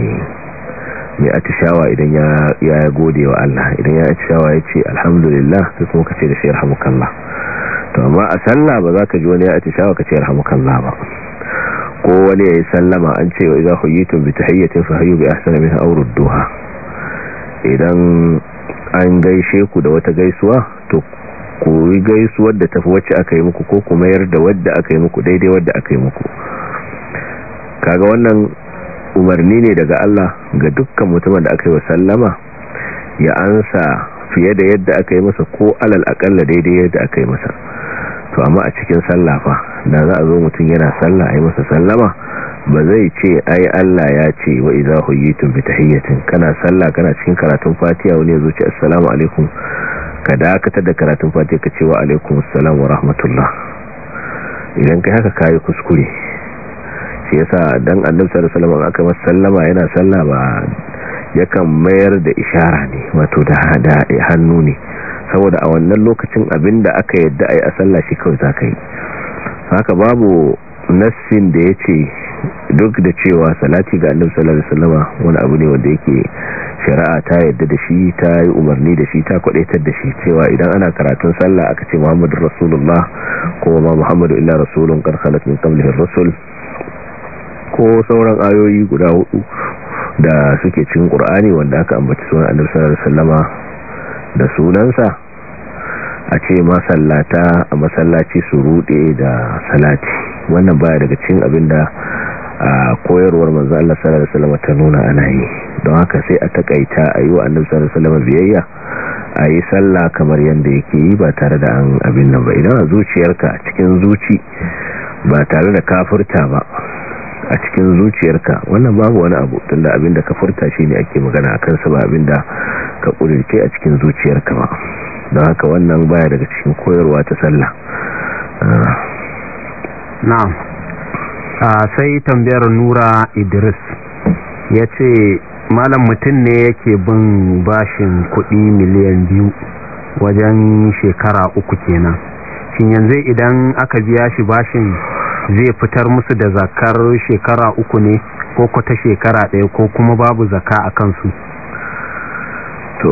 mai atishawa idan ya gode wa Allah idan ya atishawa ya ce alhamdulillah sai kuma ka ce da shi yarhamukallah to amma a sallah ba za ka ji wani ya atishawa ka ce yarhamukallah ba ko wani ya yi sallama an ce wa yi tun bi tahiyyatin fa hayyu bi ahsani minha aw duha idan an gaishe ku da wata gaisuwa to ku yi gaisuwar da tafi wacce aka yi muku ko kuma mayar da wadda aka yi muku daidai wadda aka yi muku kaga wannan umarni ne daga Allah ga dukkan mutumin da aka yi wa sallama ya ansa fiye da yadda aka yi masa ko alal akalla daidai yadda aka yi masa to amma a cikin sallafa da za a zo mutum yana sallah a yi masa sallama ba zai ce ai Allah ya ce wa iza huyitum bi tahiyatin kana salla kana cikin karatun fatiha wani ya zo ce assalamu alaikum ka dakatar da karatun fatiha ka ce wa alaikum assalam wa rahmatullah idan kai haka kai kuskure shi yasa dan annabi sallallahu alaihi wasallam aka sallama yana sallah ba kan mayar da ishara ne wato da hannu ne saboda a wannan lokacin abinda aka yadda ai a sallah shi kawai za yi haka babu nassin da yace duk da cewa salati ga annabi sallallahu alaihi wasallam wani abu ne wanda yake shari'a ta yadda da shi ta yi umarni da shi ta kwadaitar da shi cewa idan ana karatun sallah aka ce Muhammadur Rasulullah ko ma Muhammadu illa rasulun qad khalat min qablihi ar ko sauran ayoyi guda hudu da suke cikin ƙur'ani wanda aka ambaci suna annabi sallallahu da sunansa a ce masallata a masallaci su rude da salati wannan baya daga cikin abinda a koyarwar manzo Allah sallallahu alaihi ta nuna ana yi don haka sai a takaita yi wa annabi sallallahu alaihi wasallam biyayya ayi sallah kamar yanda yake yi ba tare da an abin nan ba idan a zuciyarka cikin zuci ba tare da kafurta ba a cikin zuciyarka wannan babu wani abu tunda abinda ka furta shi ne ake magana akan sa ba abinda ka kudirce a cikin zuciyarka ba don haka wannan baya daga cikin koyarwa ta sallah na'am sai tambayar nura idris ya ce malam mutum ne yake bin bashin kudi miliyan biyu wajen shekara uku kenan shin yanzu idan aka biya shi bashin zai fitar musu da zakar shekara uku ne ko kwata shekara ɗaya ko kuma babu zaka a kansu to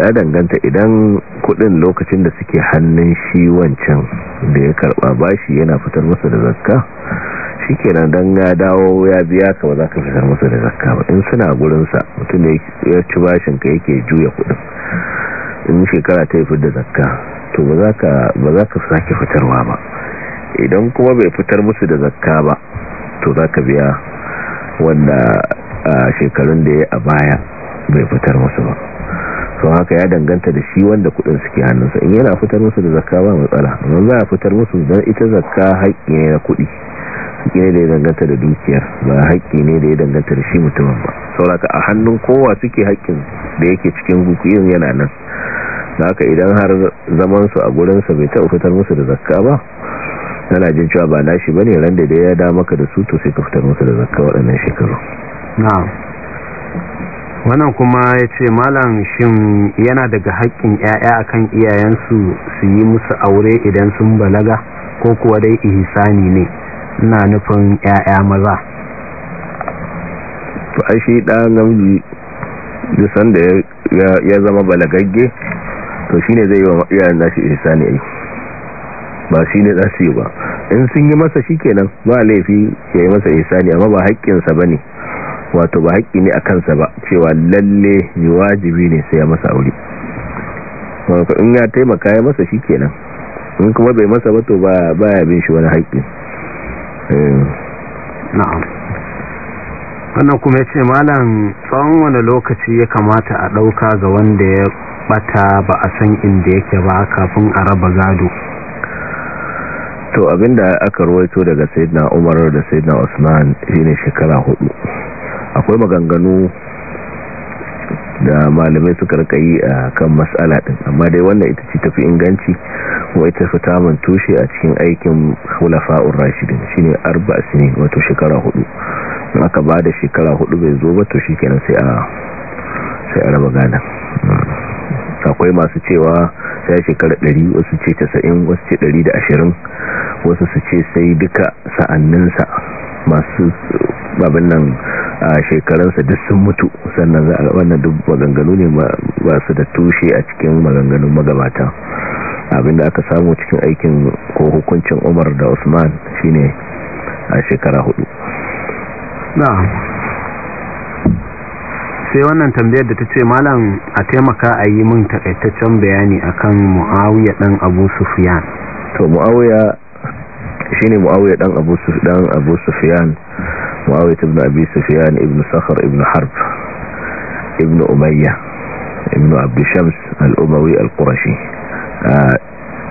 ya danganta idan kudin lokacin da suke hannun shi wancan da ya karba bashi yana fitar musu da zakka kenan dan ya dawo ya biya ka ba za ka fitar musu da zakka ba in suna gurinsa mutum da ya ci bashin ka yake juya kudin in shekara ta yi da zakka to ba za ka sake fitarwa ba idan kuma bai fitar musu da zakka ba to za ka biya wanda a shekarun da ya a baya bai fitar musu ba sau haka ya danganta da shi wanda kudin suke hannunsa in yana fitar musu da zakka ba matsala amma za a fitar musu don ita zakka haƙƙi ne na kudi haƙƙi ne da ya danganta da dukiyar ba haƙƙi ne da ya danganta da shi mutumin ba sauraka a hannun kowa suke haƙƙin da yake cikin hukuyin yana nan haka idan har zamansu a gurinsa bai taɓa fitar musu da zakka ba tana jin cewa ba nashi bane ran da ya da maka da su to sai ka fitar musu da zakka waɗannan shekaru na'am wannan kuma ya ce malam shin yana daga haƙƙin 'ya'ya akan iyayensu su yi musu aure idan sun balaga ko kuwa dai ihsani ne ina nufin ƴaƴa maza to ai shi ɗan namiji da sanda ya zama balagagge to shine zai yi wa iyayen nashi ihsani aiki ba shi ne za yi ba in sun yi masa shi kenan ba laifi ya yi masa isani amma ba haƙƙinsa ba ne wato ba haƙƙi ne a kansa ba cewa lalle ne wajibi ne sai ya masa aure in ya taimaka ya masa shi kenan in kuma bai masa ba to ba ya bin shi wani haƙƙi eh. na'am wannan kuma ya ce malam tsawon wani lokaci ya kamata a ɗauka ga wanda ya bata ba a san inda yake ba kafin a raba gado to abinda aka ruwaito daga sayyidina umar da sayyidina usman shine shekara hudu akwai maganganu da malamai suka rikayi a kan matsala din amma dai wannan ita ce tafi inganci wai ita fi tamun tushe a cikin aikin hulafa'un rashidin shine arba sinin wato shekara hudu in aka ba da shekara hudu bai zo ba to shikenan sai a sai a raba gana akwai masu cewa ta shekara ɗari wasu ce casa'in wasu ce ɗari da ashirin wasu su ce sai duka sa'anninsa masu babin nan a shekarunsa duk sun mutu sannan za a wannan duk maganganu ne ba su da tushe a cikin maganganun magabata abinda aka samu cikin aikin ko hukuncin umar da usman shine a shekara hudu sai wannan tambayar da ta ce malam a taimaka a yi min takaitaccen bayani akan muawiya dan abu sufiyan. to muawiya ne muawiya dan abu sufiyan abu ta muawiya ibn abi sufiyan ibn sakhar ibn harb ibn umayya ibn abd shams al-umawi al-qurashi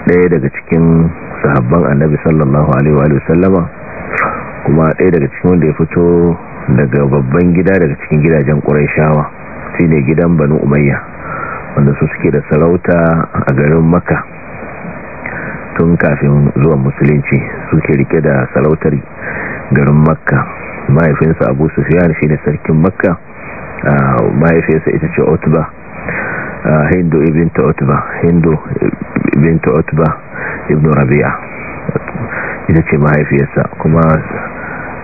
daya daga cikin sahabban annabi sallallahu alaihi wa sallama kuma daya daga cikin wanda ya fito daga babban gida daga cikin gidajen shi shine gidan banu umayya wanda su suke da sarauta a garin makka tun kafin zuwan musulunci suke rike da sarautar garin makka mahaifinsa abu shi shine sarkin makka ah, mahaifinsa ita ce otuba ah, hindu ibinta otuba hindu ibinta otuba ibn rabia ita ce mahaifinsa kuma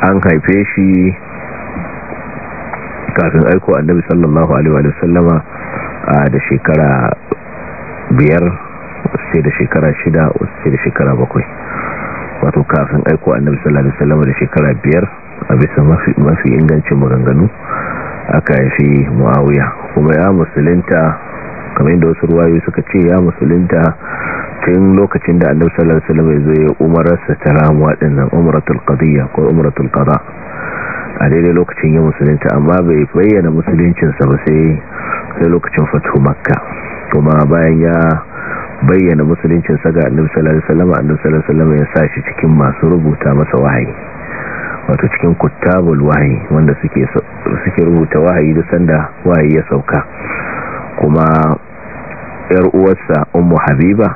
an haife shi kafin aiko annabi sallallahu alaihi wa sallama da shekara biyar sai da shekara shida sai da shekara bakwai wato kafin aiko annabi sallallahu alaihi wa wasallam da shekara biyar a bisa mafi ingancin maganganu aka haifi muawiya kuma ya musulunta kamar yadda wasu ruwayoyi suka ce ya musulunta tun lokacin da annabi sallallahu alaihi wasallam ya zo ya umararsa ta ramuwa din nan umratul qadiyya ko umratul qada a daidai lokacin ya musulunta amma bai bayyana musuluncinsa ba sai lokacin fatu makka kuma bayan ya bayyana musuluncinsa ga annabi sallallahu ya sa shi cikin masu rubuta masa wahayi wato cikin kuttabul wahayi wanda suke rubuta wahayi da sanda wahayi ya sauka kuma yar uwarsa ummu habiba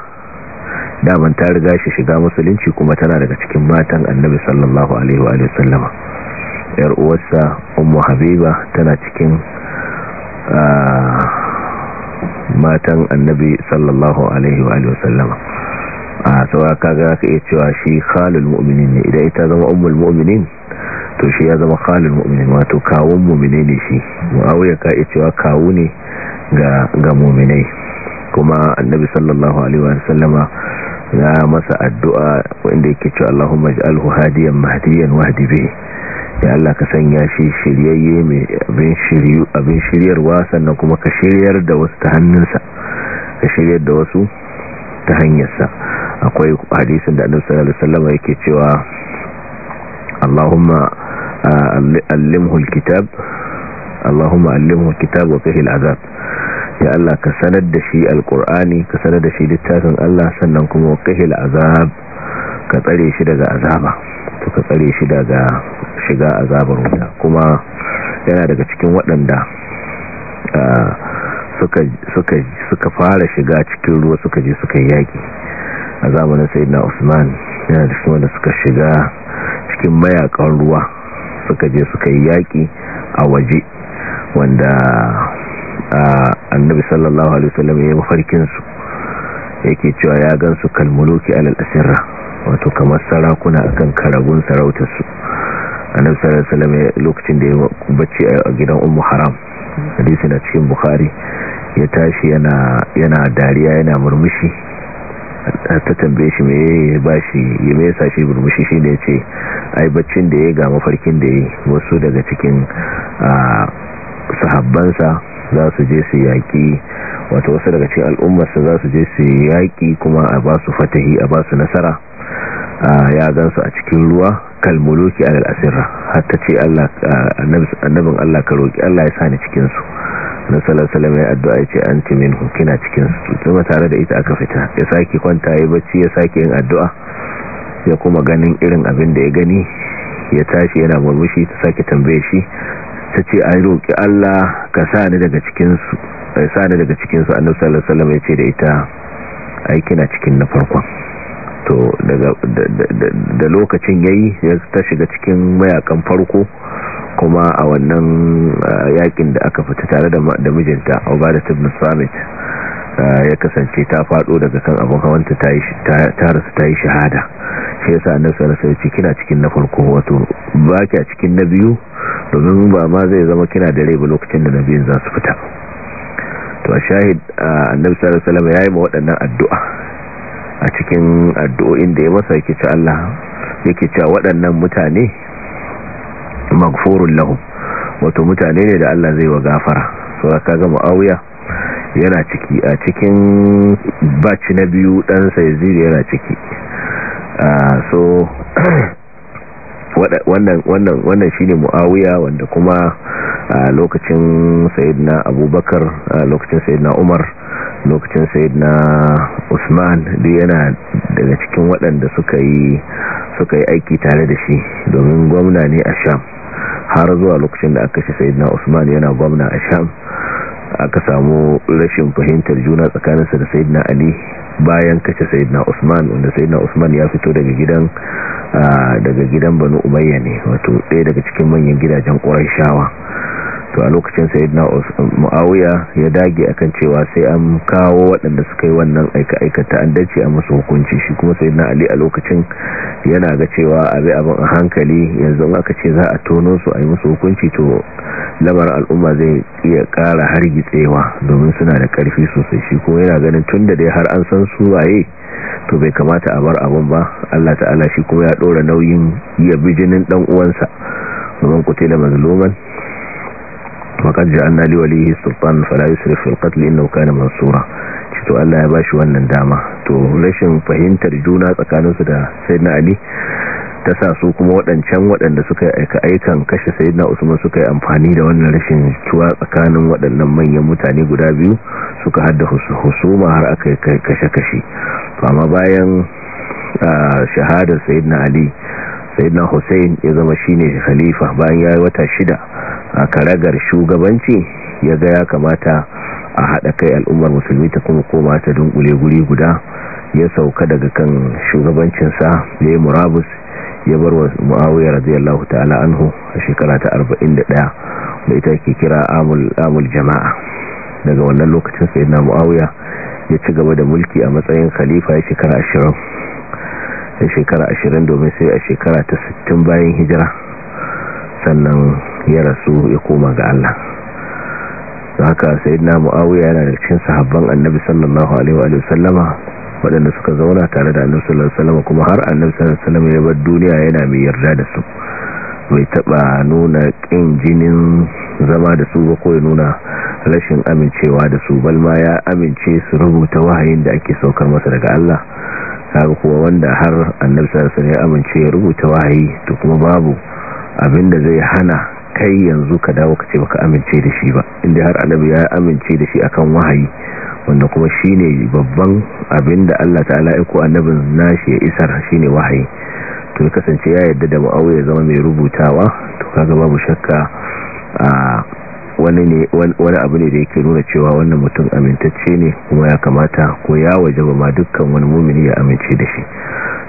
daman ta riga shi shiga musulunci kuma tana daga cikin matan annabi sallallahu alaihi wa sallama yar uwarsa ummu habiba tana cikin ah, matan annabi sallallahu alaihi wa sallama a ah, saura kaga ka iya cewa shi khalul mu'minin ne idan ita zama umul mu'minin to shi ya zama khalul mu'minin wato kawun muminai ne shi muawiya ka iya cewa kawu ne ga mu'minai kuma annabi sallallahu alaihi wa sallama ya masa addu'a wanda yake cewa Allahumma ij'alhu hadiyan mahdiyan wahdi bihi ya Allah ka sanya shi shiryayye mai abin shiryu abin shiryarwa sannan kuma ka shiryar da wasu ta hannunsa ka shiryar da wasu ta hanyarsa akwai hadisin da annabi sallallahu yake cewa Allahumma allimhu alkitab Allahumma allimhu alkitab wa qihil azab ya Allah ka sanar da shi alqur'ani ka sanar da shi littafin Allah sannan kuma wa azab ka tsare shi daga azaba suka tsare shi daga shiga azabar wuta kuma yana daga cikin waɗanda suka fara shiga cikin ruwa suka je suka yaƙi a zamanin sayyidina usman yana da cikin wanda suka shiga cikin mayakan ruwa suka je suka yi yaƙi a waje wanda annabi sallallahu alaihi wasallam ya yi mafarkinsu yake cewa ya gansu kalmuluki alal asirra wato kamar sarakuna akan karagun sarautarsu annabi sallallahu alaihi wasallam lokacin da ya bacci a gidan umu haram hadisi na cikin bukari ya tashi yana dariya yana murmushi ta tambaye shi mai ya bashi ya mai sa shi murmushi shine yace ai baccin da ya ga mafarkin da ya wasu daga cikin sahabbansa za su je su yaƙi wato wasu daga cikin al'ummarsa za su je su yaƙi kuma a ba su fatahi a ba su nasara ya gansu a cikin ruwa kalmuluki alal asirra hatta ce annabin Allah ka roƙi Allah ya sani ni cikinsu na salasala mai addu'a ya ce an ce min hukina cikinsu kuma tare da ita aka fita ya sake kwanta ya bacci ya sake yin addu'a ya kuma ganin irin abin da ya gani ya tashi yana murmushi ta sake tambaye shi ta ce an roƙi Allah ka sa daga cikinsu annabin salasala mai ce da ita aikina kina cikin na farkon to da lokacin yayi ya ta shiga cikin mayakan farko kuma a wannan yakin da aka fita tare da mijinta obada ibn samit ya kasance ta fado daga kan abin hawanta ta rasu ta yi shahada shi yasa annabi sallallahu ce kina cikin na farko wato ba kya cikin na biyu domin ba ma zai zama kina da rai ba lokacin da na biyun za su fita to shahid annabi sallallahu alaihi wasallam yayi ma waɗannan addu'a a cikin addu'o'in da ya masa yake ci Allah yake ci waɗannan mutane magfurun lahum wato mutane ne da Allah zai wa gafara so ka ga Muawiya yana ciki a cikin baci na biyu ɗansa ya yana ciki so wannan shi ne shine Muawiya wanda kuma lokacin Sayyidina Abubakar lokacin Sayyidina Umar lokacin sai na usman da yana daga cikin waɗanda suka yi aiki tare da shi domin gwamna ne a sham har zuwa lokacin da aka shi sai na usman yana gwamna a sham aka samu rashin fahimtar juna tsakaninsa da sayid ali bayan kace sayyidina Usman wanda sayyidina Usman ya fito daga gidan ah, daga gidan Banu Umayya ne wato ɗaya daga cikin manyan gidajen shawa to a lokacin sayyidina muawiya ya dage akan cewa sai an kawo waɗanda suka yi wannan aika aikata an dace a musu hukunci shi kuma sayyidina ali a lokacin yana ga cewa abi abin a hankali yanzu aka ce za a tono su a yi musu hukunci to lamar al'umma zai iya ƙara hargitsewa domin suna da karfi sosai shi kuma yana ganin tun da dai har an san su waye to bai kamata a bar abun ba Allah ta'ala shi kuma ya ɗora nauyin ya bijinin ɗan uwansa domin tela mazluman faqad ja'alna li walihi sultan fala yusrif fil qatl innahu kana mansura to Allah ya bashi wannan dama to rashin fahimtar juna tsakaninsu da sayyidina ali ta sa su kuma waɗancan waɗanda suka aika aikan kashe sayyidina usman suka yi amfani da wannan rashin tuwa tsakanin waɗannan manyan mutane guda biyu suka hadda husuma har aka kai kashe-kashe amma bayan shahadar sayyidina ali sayyidina hussein ya zama shine khalifa bayan ya yi wata shida a karagar shugabanci ya ga ya kamata a haɗa kai al'ummar musulmi ta kuma koma ta dunkule guri guda ya sauka daga kan shugabancinsa ya murabus ya bar wa mu'awiyar radiyallahu ta'ala anhu a shekara ta 41 da ita ke kira amul jama'a daga wannan lokacin sai na mu'awiya ya ci gaba da mulki a matsayin khalifa ya shekara ashirin ya shekara 20 domin sai a shekara ta sittin bayan hijira sannan ya rasu ya koma ga Allah haka sai na muawiya yana da cikin sahabban annabi sallallahu alaihi wa sallama waɗanda suka zauna tare da annabi sallallahu alaihi wa sallama kuma har annabi sallallahu alaihi wa sallama ya bar duniya yana mai yarda da su bai taba nuna kin jinin zama da su ba ko ya nuna rashin amincewa da su balma ya amince su rubuta wahayin da ake saukar masa daga Allah sabu kuma wanda har annabi sallallahu alaihi wa sallama ya amince ya rubuta wahayi to kuma babu abin da zai hana kai yanzu ka dawo ka ce baka amince da shi ba inda har annabi ya amince da shi akan wahayi wanda kuma shine babban abin da Allah ta'ala ya ko annabin nashi ya isar shine wahayi to ya kasance ya yadda da mu'awiya zama mai rubutawa to kaga babu shakka a wani ne wani abu ne da yake nuna cewa wannan mutum amintacce ne kuma ya kamata ko ya wajaba ma dukkan wani mumini ya amince da shi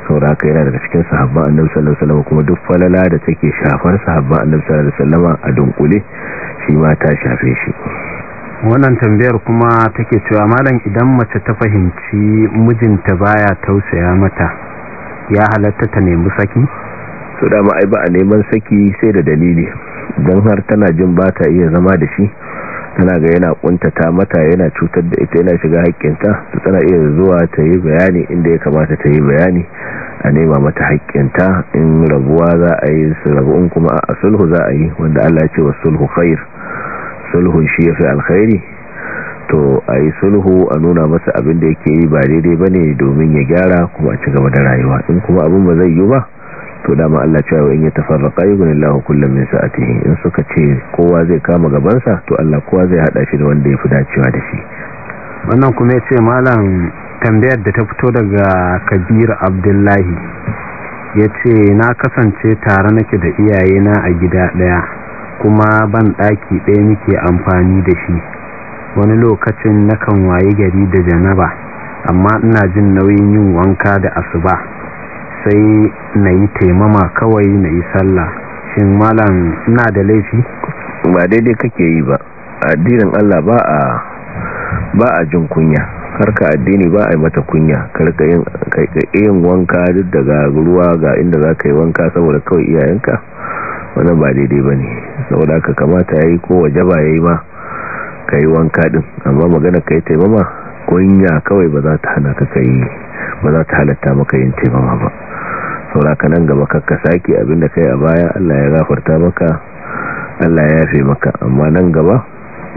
sauraka yana daga cikin sahabban annabi sallallahu alaihi wasallam kuma duk falala da take shafar sahabban annabi sallallahu alaihi wasallam a dunkule shi ma ta shafe shi wannan tambayar kuma take cewa malam idan mace ta fahimci mijinta baya tausaya mata ya halatta ta nemi saki to da ma ai ba a neman saki sai da dalili don har tana jin ba ta iya zama da shi tana ga yana kuntata mata yana cutar da ita yana shiga haƙƙinta ta tana iya zuwa ta yi bayani inda ya kamata ta yi bayani a nema mata haƙƙinta in rabuwa za a yi su rabu in kuma a sulhu za a yi wanda Allah ya ce wa sulhu khair sulhun shi ya fi alkhairi to a yi sulhu a nuna masa abin da yake yi ba daidai ba ne domin ya gyara kuma a ci gaba da rayuwa in kuma abin ba zai yi ba to dama Allah cewa in ya tafarraqa yughnillahu kullum min sa'atihi in suka ce kowa zai kama gabansa to Allah kowa zai hada shi da wanda ya dacewa da shi wannan kuma ya ce malam tambayar da ta fito daga kabir abdullahi ya ce na kasance tare nake da iyayena a gida ɗaya kuma ban daki ɗaya muke amfani da shi wani lokacin nakan waye gari da janaba amma ina jin nauyin yin wanka da asuba sai na yi taimama kawai na yi sallah shin malam na da laifi ba daidai kake yi ba addinin Allah ba a jin kunya harka addini ba a yi mata kunya karka yin wanka duk daga ruwa ga inda za ka yi wanka saboda kawai iyayenka wannan ba daidai ba ne saboda ka kamata ya yi ko waje ba ya yi ma ka yi wanka din amma magana ka yi taimama kunya kawai ba za ba za ta halatta maka yin taimama ba ka nan gaba kakka sake abinda kai a baya Allah ya gafarta maka Allah ya yafe maka amma nan gaba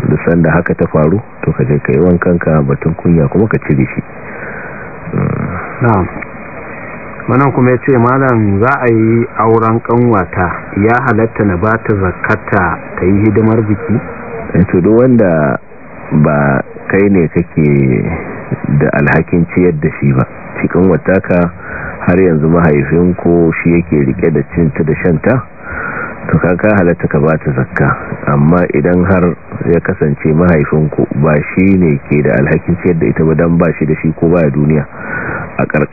duk sanda haka ta faru to ka je ka yi wankan ka batun kunya kuma ka cire shi na'am wannan kuma yace malam za a yi auren kanwata ya halatta na ba ta zakata ta yi hidimar biki eh, to duk wanda ba kai ne kake da alhakin ciyar da shi ba cikin ka. har yanzu mahaifinku shi yake rike da cinta da shanta to kaka halatta ka ba ta zakka amma idan har ya kasance mahaifinku ba shi ne ke da alhakin ciyar da ita ba don ba shi da shi ko ba duniya a ka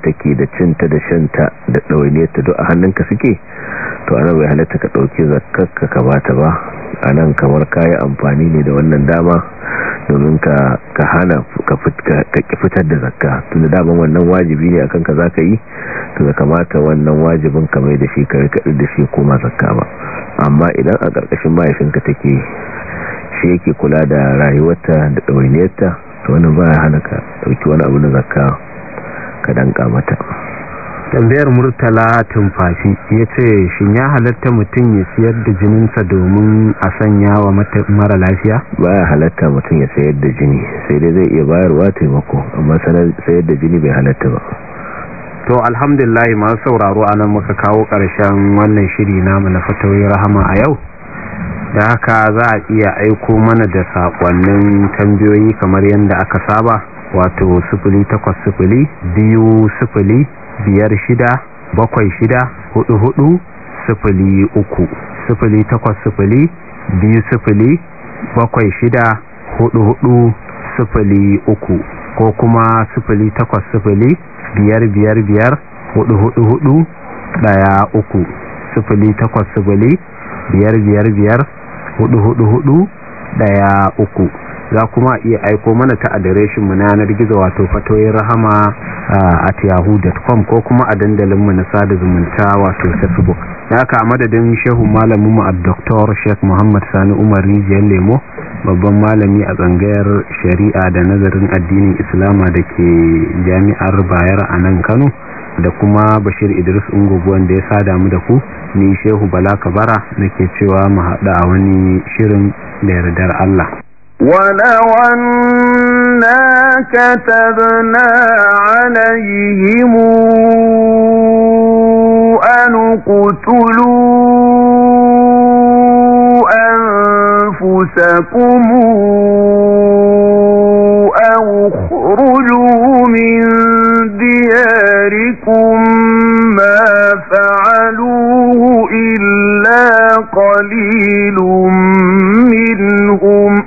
take da cinta da shanta da ɗauniyarta duk a hannunka suke to ana bai halatta ka ɗauki zakkarka ka ba ta ba a nan kamar kayi amfani ne da wannan dama domin ka ka hana ka fitar da zakka tunda daban wannan wajibi ne akan ka zaka yi to da kamata wannan wajibin ka mai da shi ka rika da shi koma zakka ba amma idan a karkashin mahaifinka take shi yake kula da rayuwarta da ɗawainiyarta to wannan ba ya hana ka dauki wani abu na zakka ka danka mata tambayar murtala tumfashi ya ce shi ya halatta mutum ya siyar da jininsa domin a sanya wa mara lafiya? ba ya halatta mutum ya sayar da jini sai dai zai iya bayarwa taimako amma sayar da jini bai halatta ba to alhamdulillah masu sauraro a nan muka kawo ƙarshen wannan shiri na na fatawai rahama a yau da haka za a iya aiko mana da saƙonnin tambayoyi kamar yadda aka saba wato sifili takwas sifili biyu sifili biyar shida bakwai shida hudu hudu sifili uku sifili takwas sifili biyu sifili bakwai shida hudu hudu sifili uku ko kuma sifili takwas sifili biyar biyar biyar hudu hudu hudu daya uku sifili takwas sifili biyar biyar biyar hudu hudu hudu daya uku za kuma a iya aiko mana ta adireshin mu na yanar gizo wato fatoyin rahama a yahoo.com ko kuma a dandalinmu na sada zumunta wato facebook ya ka madadin shehu malamin mu dr sheikh muhammad sani umar rijiyar lemo babban malami a tsangayar shari'a da nazarin addinin islama da ke jami'ar bayar a nan kano da kuma bashir idris ungogo da ya sa damu da ku ni shehu bala kabara ke cewa mu haɗu a wani shirin da yardar allah ولو أنا كتبنا عليهم أن اقتلوا أنفسكم أو اخرجوا من دياركم ما فعلوه إلا قليل منهم